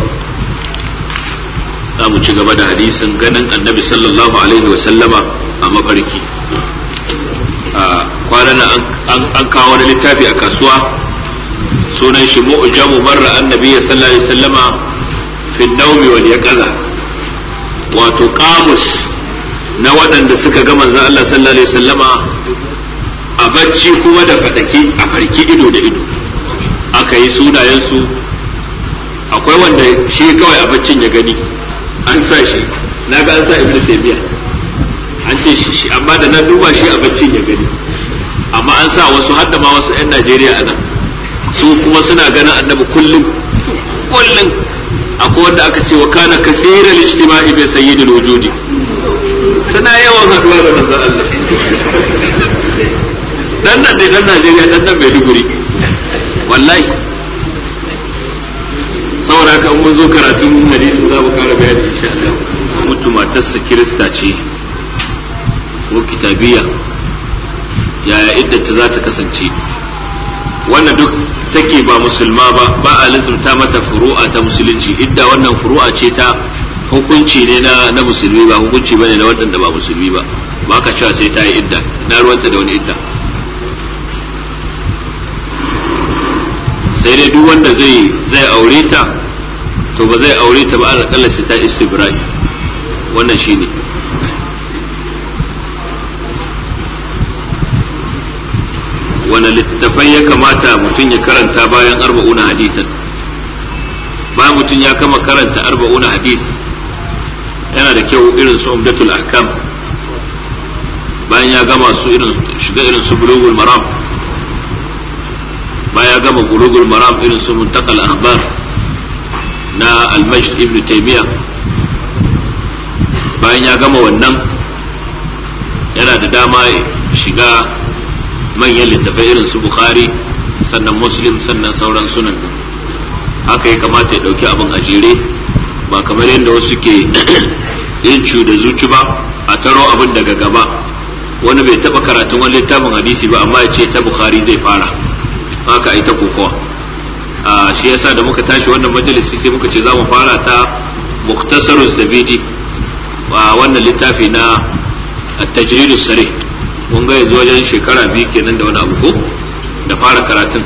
za mu ci gaba da hadisin ganin annabi sallallahu alaihi wa sallama a mafarki a kwanan an kawo wani littafi a kasuwa sunan shi mu'jamu barra annabi sallallahu alaihi wa sallama fi naumi wal wato kamus na waɗanda suka ga manzon Allah sallallahu alaihi wa sallama a bacci kuma da faɗaki a farki ido da ido aka yi sunayensu akwai wanda shi kawai a baccin ya gani an sa shi na ga an sa ibnu taymiya an ce shi amma da na duba shi a baccin ya gani amma an sa wasu har da ma wasu yan Najeriya a nan su kuma suna ganin annabi kullum kullum akwai wanda aka ce wa kana kasira ijtima'i bi sayyidil wujudi suna yawan haduwa da manzon Allah dan nan dai dan Najeriya dan nan duguri wallahi saboda haka an mun zo karatun hadisi za mu kara bayani insha Allah mutu matarsa kirista ce ko kitabiya yaya ta za ta kasance wannan duk take ba musulma ba ba a lizumta mata furu'a ta musulunci idda wannan furu'a ce ta hukunci ne na na musulmi ba hukunci bane na waɗanda ba musulmi ba ba ka cewa sai ta yi idda na ruwanta da wani idda sai dai duk wanda zai zai aure ta to ba zai aure ta ba alƙalla sai ta istibra'i wannan shine wani littafai ya kamata mutum ya karanta bayan arba'una hadisan bayan mutum ya kama karanta arba'una hadis yana da kyau irin su umdatul ahkam bayan ya gama su irin shiga irin su bulugul maram baya gama gulugul maram irin su muntakal akhbar na almajd ibn taymiya bayan ya gama wannan yana da dama shiga manyan littafai irin su bukhari sannan muslim sannan sauran sunan haka ya kamata ya ɗauki abin a jere ba kamar yadda wasu ke yin da zuci ba a taro abin daga gaba wani bai taɓa karatun wani littafin hadisi ba amma ya ce ta bukhari zai fara haka ita ta kokowa a shi yasa da muka tashi wannan majalisi sai muka ce za mu fara ta muktasaru zabidi a wannan littafi na at-tajrid sare mun ga yanzu wajen shekara biyu kenan da wani abu ko da fara karatun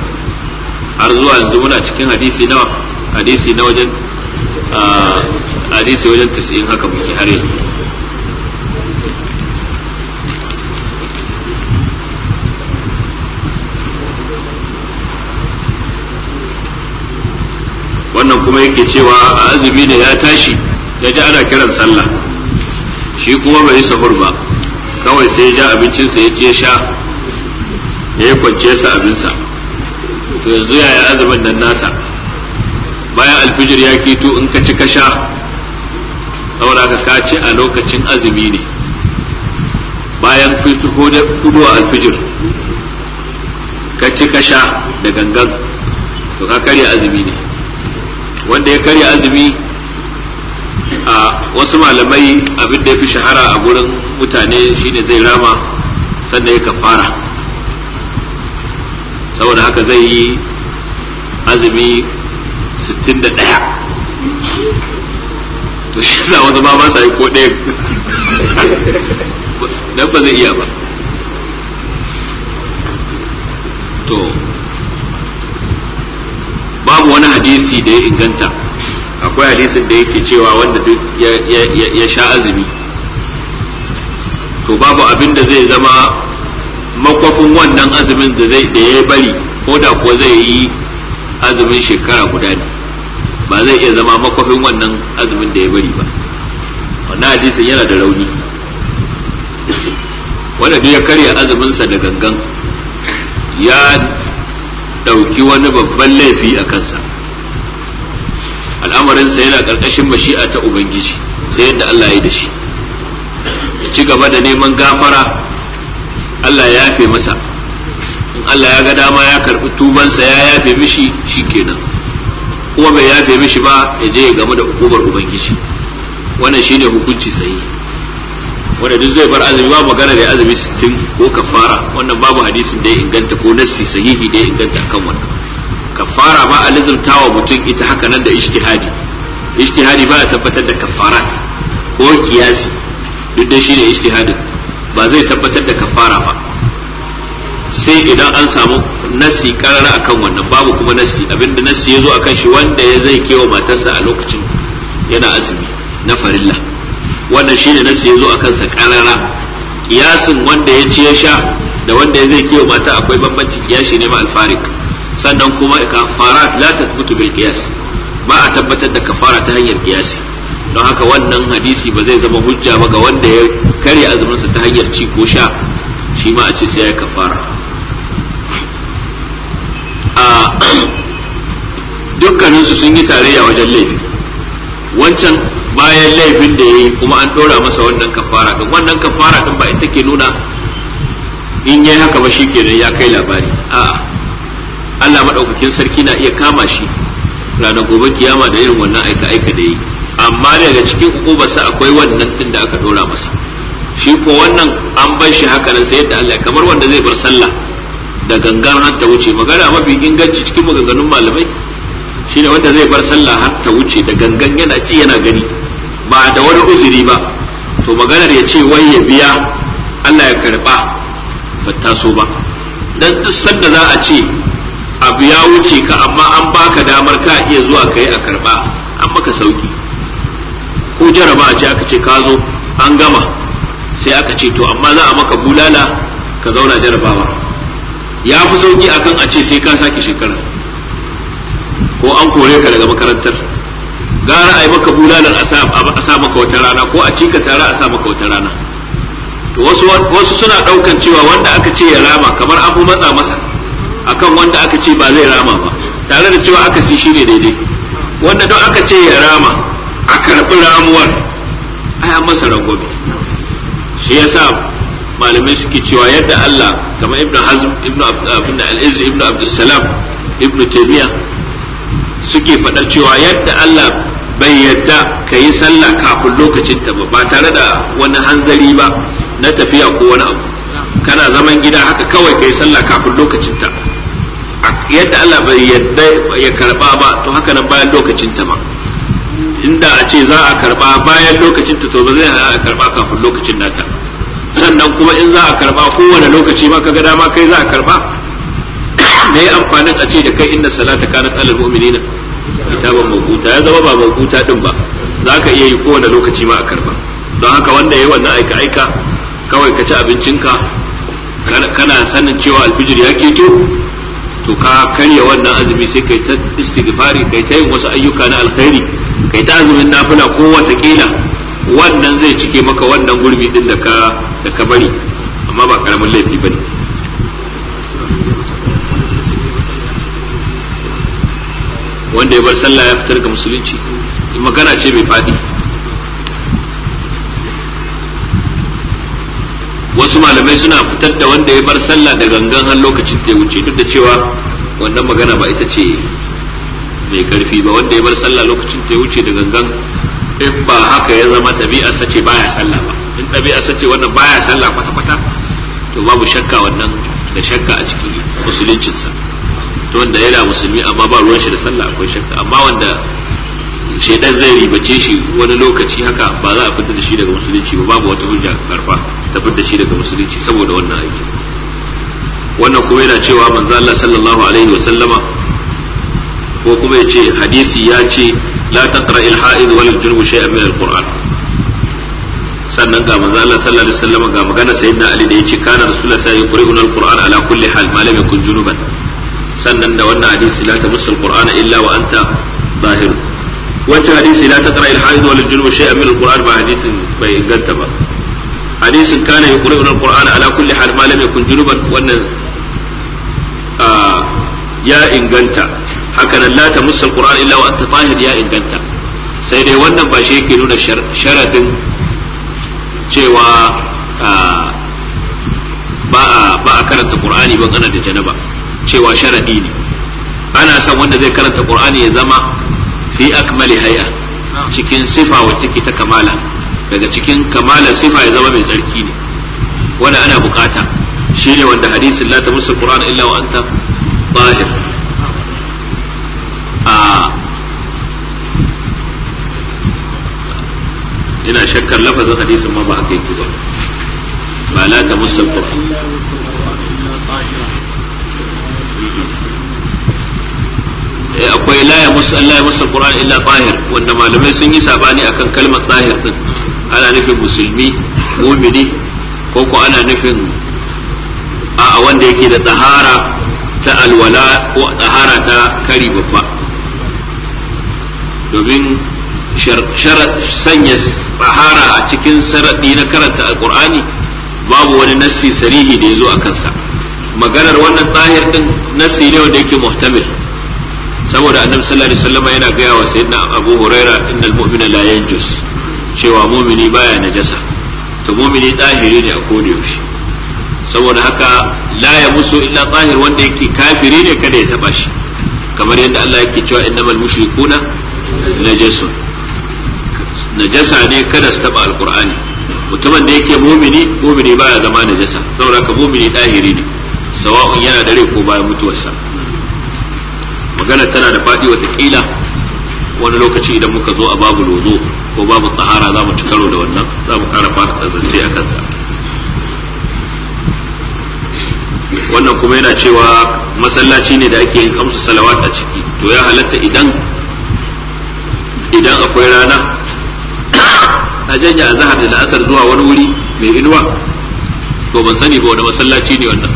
har zuwa yanzu muna cikin hadisi nawa hadisi na wajen hadisi wajen 90 haka muke har yanzu wannan kuma yake cewa a azumi da ya tashi ya ji ana kiran sallah shi kuma bai yi sahur ba kawai sai ya ja abincinsa ya ce sha ya yi sa abinsa to yanzu yaya azumin nan nasa bayan alfijir ya kito in ka ci ka sha saboda ka ka a lokacin azumi ne bayan fito alfijir ka ci ka sha da gangan to ka karya azumi ne wanda ya karya azumi a wasu malamai abin da ya fi shahara a gurin mutane shine zai rama sannan ya kafara saboda haka zai yi azumi 61 to shi sa wasu ba sa yi ko ɗaya dan ba zai iya ba to babu wani hadisi da ya inganta akwai hadisin da yake cewa wanda duk ya sha azumi to babu abin da zai zama makwafin wannan azumin da zai da ya bari ko da ko zai yi azumin shekara guda ne ba zai iya zama makwafin wannan azumin da ya bari ba wannan hadisin yana da rauni wanda duk ya karya azuminsa da gangan ya ɗauki wani babban laifi a kansa al'amarinsa yana ƙarƙashin mashi'a ta ubangiji sai yadda Allah ya yi da shi ya ci gaba da neman gafara Allah ya yafe masa in Allah ya ga dama ya karɓi tubansa ya yafe mishi shikenan kuma bai yafe mishi ba ya je ya gamu da hukumar ubangiji wannan shine hukunci sahihi wanda duk zai bar azumi babu magana da azumi sittin ko kafara wannan babu hadisin da ya inganta ko nassi sahihi da ya inganta akan wannan kafara ba a wa mutum ita haka nan da ijtihadi ijtihadi ba a tabbatar da kafarat ko kiyasi duk da ne ijtihadin ba zai tabbatar da kafara ba sai idan an samu nassi karara akan wannan babu kuma nassi abinda nassi ya zo akan shi wanda ya zai kewa matarsa a lokacin yana azumi na farilla wannan shine nasu ya zo a kansa karara kiyasin wanda ya ci ya sha da wanda ya zai kiyo mata akwai bambanci kiyashi ne ma alfarik sannan kuma kafarat la tasbutu bil qiyas ba a tabbatar da kafara ta hanyar kiyasi don haka wannan hadisi ba zai zama hujja ba ga wanda ya karya sa ta hanyar ci ko sha shi ma a ce sai ya kafara a dukkaninsu sun yi tarayya wajen laifi wancan bayan laifin da yayi kuma an dora masa wannan kafara din wannan kafara din ba ita ke nuna in yayi haka ba kenan ya kai labari a Allah madaukakin sarki na iya kama shi ranar gobe kiyama da irin wannan aika aika da yi amma daga cikin ukubarsa akwai wannan din da aka dora masa shi ko wannan an bar shi haka nan sai yadda Allah kamar wanda zai bar sallah da gangan har ta wuce magana mafi inganci cikin maganganun malamai shi ne wanda zai bar sallah har ta wuce da gangan yana ci yana gani ba da wani uzuri ba to maganar ya ce wai ya biya Allah ya karba ba taso ba dan duk sanda za a ce abu ya wuce ka amma an baka damar ka iya zuwa kai a karba an maka sauki ko jaraba a ce aka ce ka zo an gama sai aka ce to amma za a maka bulala ka zauna jarabawa ya fi sauki akan a ce sai ka sake shekara ko an kore ka daga makarantar gara a yi maka bulalar a sa maka wata rana ko a cika tara a sa maka wata rana to wasu suna daukan cewa wanda aka ce ya rama kamar an fi matsa masa akan wanda aka ce ba zai rama ba tare da cewa aka si shine daidai wanda don aka ce ya rama a karɓi ramuwar ai an masa rangwame shi yasa malamai suke cewa yadda Allah kamar ibnu hazm ibnu abdul al ibn ibnu salam ibnu taymiya suke faɗar cewa yadda Allah bai yadda ka yi sallah kafin lokacinta ba ba tare da wani hanzari ba na tafiya ko wani abu kana zaman gida haka kawai ka yi sallah kafin lokacinta yadda Allah bai yadda ya karba ba to haka nan bayan lokacinta ba inda a ce za a karba bayan lokacinta to ba zai hana a karba kafin lokacin nata sannan kuma in za a karba kowane lokaci ma kaga dama kai za a karba me amfanin a ce da kai inna salata kanat alal mu'minina kitaban mabuta ya zama ba mabuta din ba za ka iya yi kowane lokaci ma a karba don haka wanda ya yi wannan aika aika kawai ka ci abincinka kana sanin cewa alfijir ya keto to ka karya wannan azumi sai kai ta istighfari kai ta yin wasu ayyuka na alkhairi kai ta azumin nafila ko wata kila wannan zai cike maka wannan gurbi din da ka bari amma ba karamin laifi ne. wanda ya bar sallah ya fitar ga musulunci magana ce mai faɗi wasu malamai suna fitar da wanda ya bar sallah da gangan har lokacin ta wuce duk da cewa wannan magana ba ita ce mai karfi ba wanda ya bar sallah lokacin ta wuce da gangan in ba haka ya zama tabi'ar sace baya sallah ba in tabi'ar sace wannan baya sallah kwata-kwata to babu shakka wannan da shakka a cikin musuluncinsa ta wanda yana musulmi amma ba ruwan shi da sallah akwai shakka amma wanda shaidan zai ribace shi wani lokaci haka ba za a fitar da shi daga musulunci ba babu wata hujja karfa ta fitar da shi daga musulunci saboda wannan aiki wannan kuma yana cewa manzo Allah sallallahu alaihi wa sallama ko kuma ya ce hadisi ya ce la taqra al ha'id wal junub shay'an min al qur'an sannan ga manzo Allah sallallahu alaihi wa sallama ga magana sayyidina Ali da yace kana rasulullahi sallallahu alaihi wa sallam qur'an ala kulli hal ma lam yakun junuban sannan da wannan hadisi la tamassul qur'ana illa wa anta zahir wancan hadisi la taqra al haid wal junub shay'an min al qur'an ba hadisin bai inganta ba hadisin kana yaqra'u al qur'ana ala kulli hal ma lam yakun junuban wannan ya inganta hakanan la tamassul qur'ana illa wa anta zahir ya inganta sai dai wannan ba shi yake nuna sharadin cewa ba a karanta qur'ani ban ana da janaba cewa sharaɗi ne ana son wanda zai karanta qur'ani ya zama fi akmali hay'a cikin sifa wacce take ta kamala daga cikin kamala sifa ya zama mai tsarki ne wanda ana bukata shine wanda hadisin la ta musu qur'ana illa wa anta tahir a ina shakkar lafazin hadisin ma ba a kai ba ba la ta musu qur'ana akwai la yamassu Allah yamassu illa zahir wanda malamai sun yi sabani akan kalmar zahir din ana nufin musulmi mu'mini ko ko ana nufin a wanda yake da tsahara ta alwala ko tsahara ta kari babba domin sanya tsahara a cikin saradi na karanta alkur'ani babu wani nassi sarihi da ya zo a kansa maganar wannan tsahir din nassi ne wanda yake muhtamil saboda annabi sallallahu alaihi wasallam yana gaya wa sayyidina abu huraira innal mu'mina la yanjus cewa mu'mini baya najasa to mu'mini tahiri ne a koda yaushe saboda haka la ya musu illa tahir wanda yake kafiri ne kada ya taba shi kamar yadda Allah yake cewa innamal mushrikuna najasun najasa ne kada su taba alqur'ani mutumin da yake mu'mini mu'mini baya zama najasa saboda haka mu'mini tahiri ne sawa'un yana dare ko bayan mutuwarsa magana tana da faɗi watakila wani lokaci idan muka zo a babu lozo ko babu tsahara za mu ci karo da wannan za mu kara fara tsazance a kanta wannan kuma yana cewa masallaci ne da ake yin kamsu salawat a ciki to ya halatta idan idan akwai rana a janya a zahar da la'asar zuwa wani wuri mai inuwa to ban sani ba wani masallaci ne wannan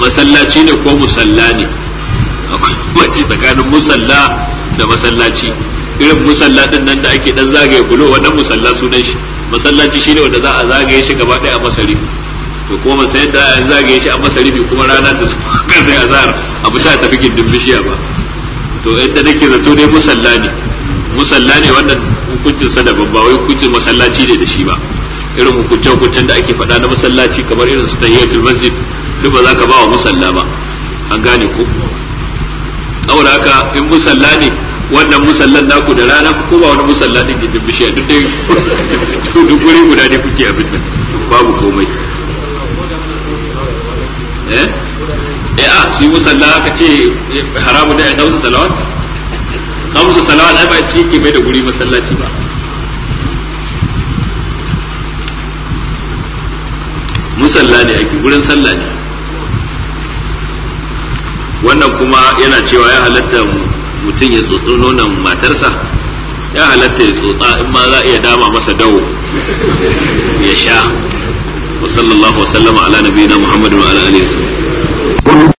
masallaci ne ko musalla ne bambanci tsakanin musalla da masallaci irin musalla din nan da ake dan zagaye bulo wannan musalla sunan shi masallaci shine wanda za a zagaye shi gaba ɗaya a masari to kuma sai da an zagaye shi a masari kuma rana da su kan sai azhar a fita tafi gindin bishiya ba to yadda nake zato dai musalla ne musalla ne wannan hukuncin sa da babba wai hukuncin masallaci ne da shi ba irin hukuncin hukuncin da ake faɗa na masallaci kamar irin su tahiyatul masjid duk ba za ka ba wa musalla ba an gane ko saboda haka in musalla ne wannan musallan naku da rana ko ba wani musalla ne gindin bishiya duk dai duk guri guda ne kuke abin nan babu komai eh eh a ah, shi musalla ka ce haramu da ya dausa salawat kamsu salawat ai ba ci ke bai da guri masallaci ba musalla ne ake gurin sallah ne wannan kuma yana cewa ya halatta mutum ya tsotso nonon matarsa ya halatta ya tsotsa in ma za a iya dama masa dawo ya sha wa sallallahu wasallama ala na muhammadin wa ala alihi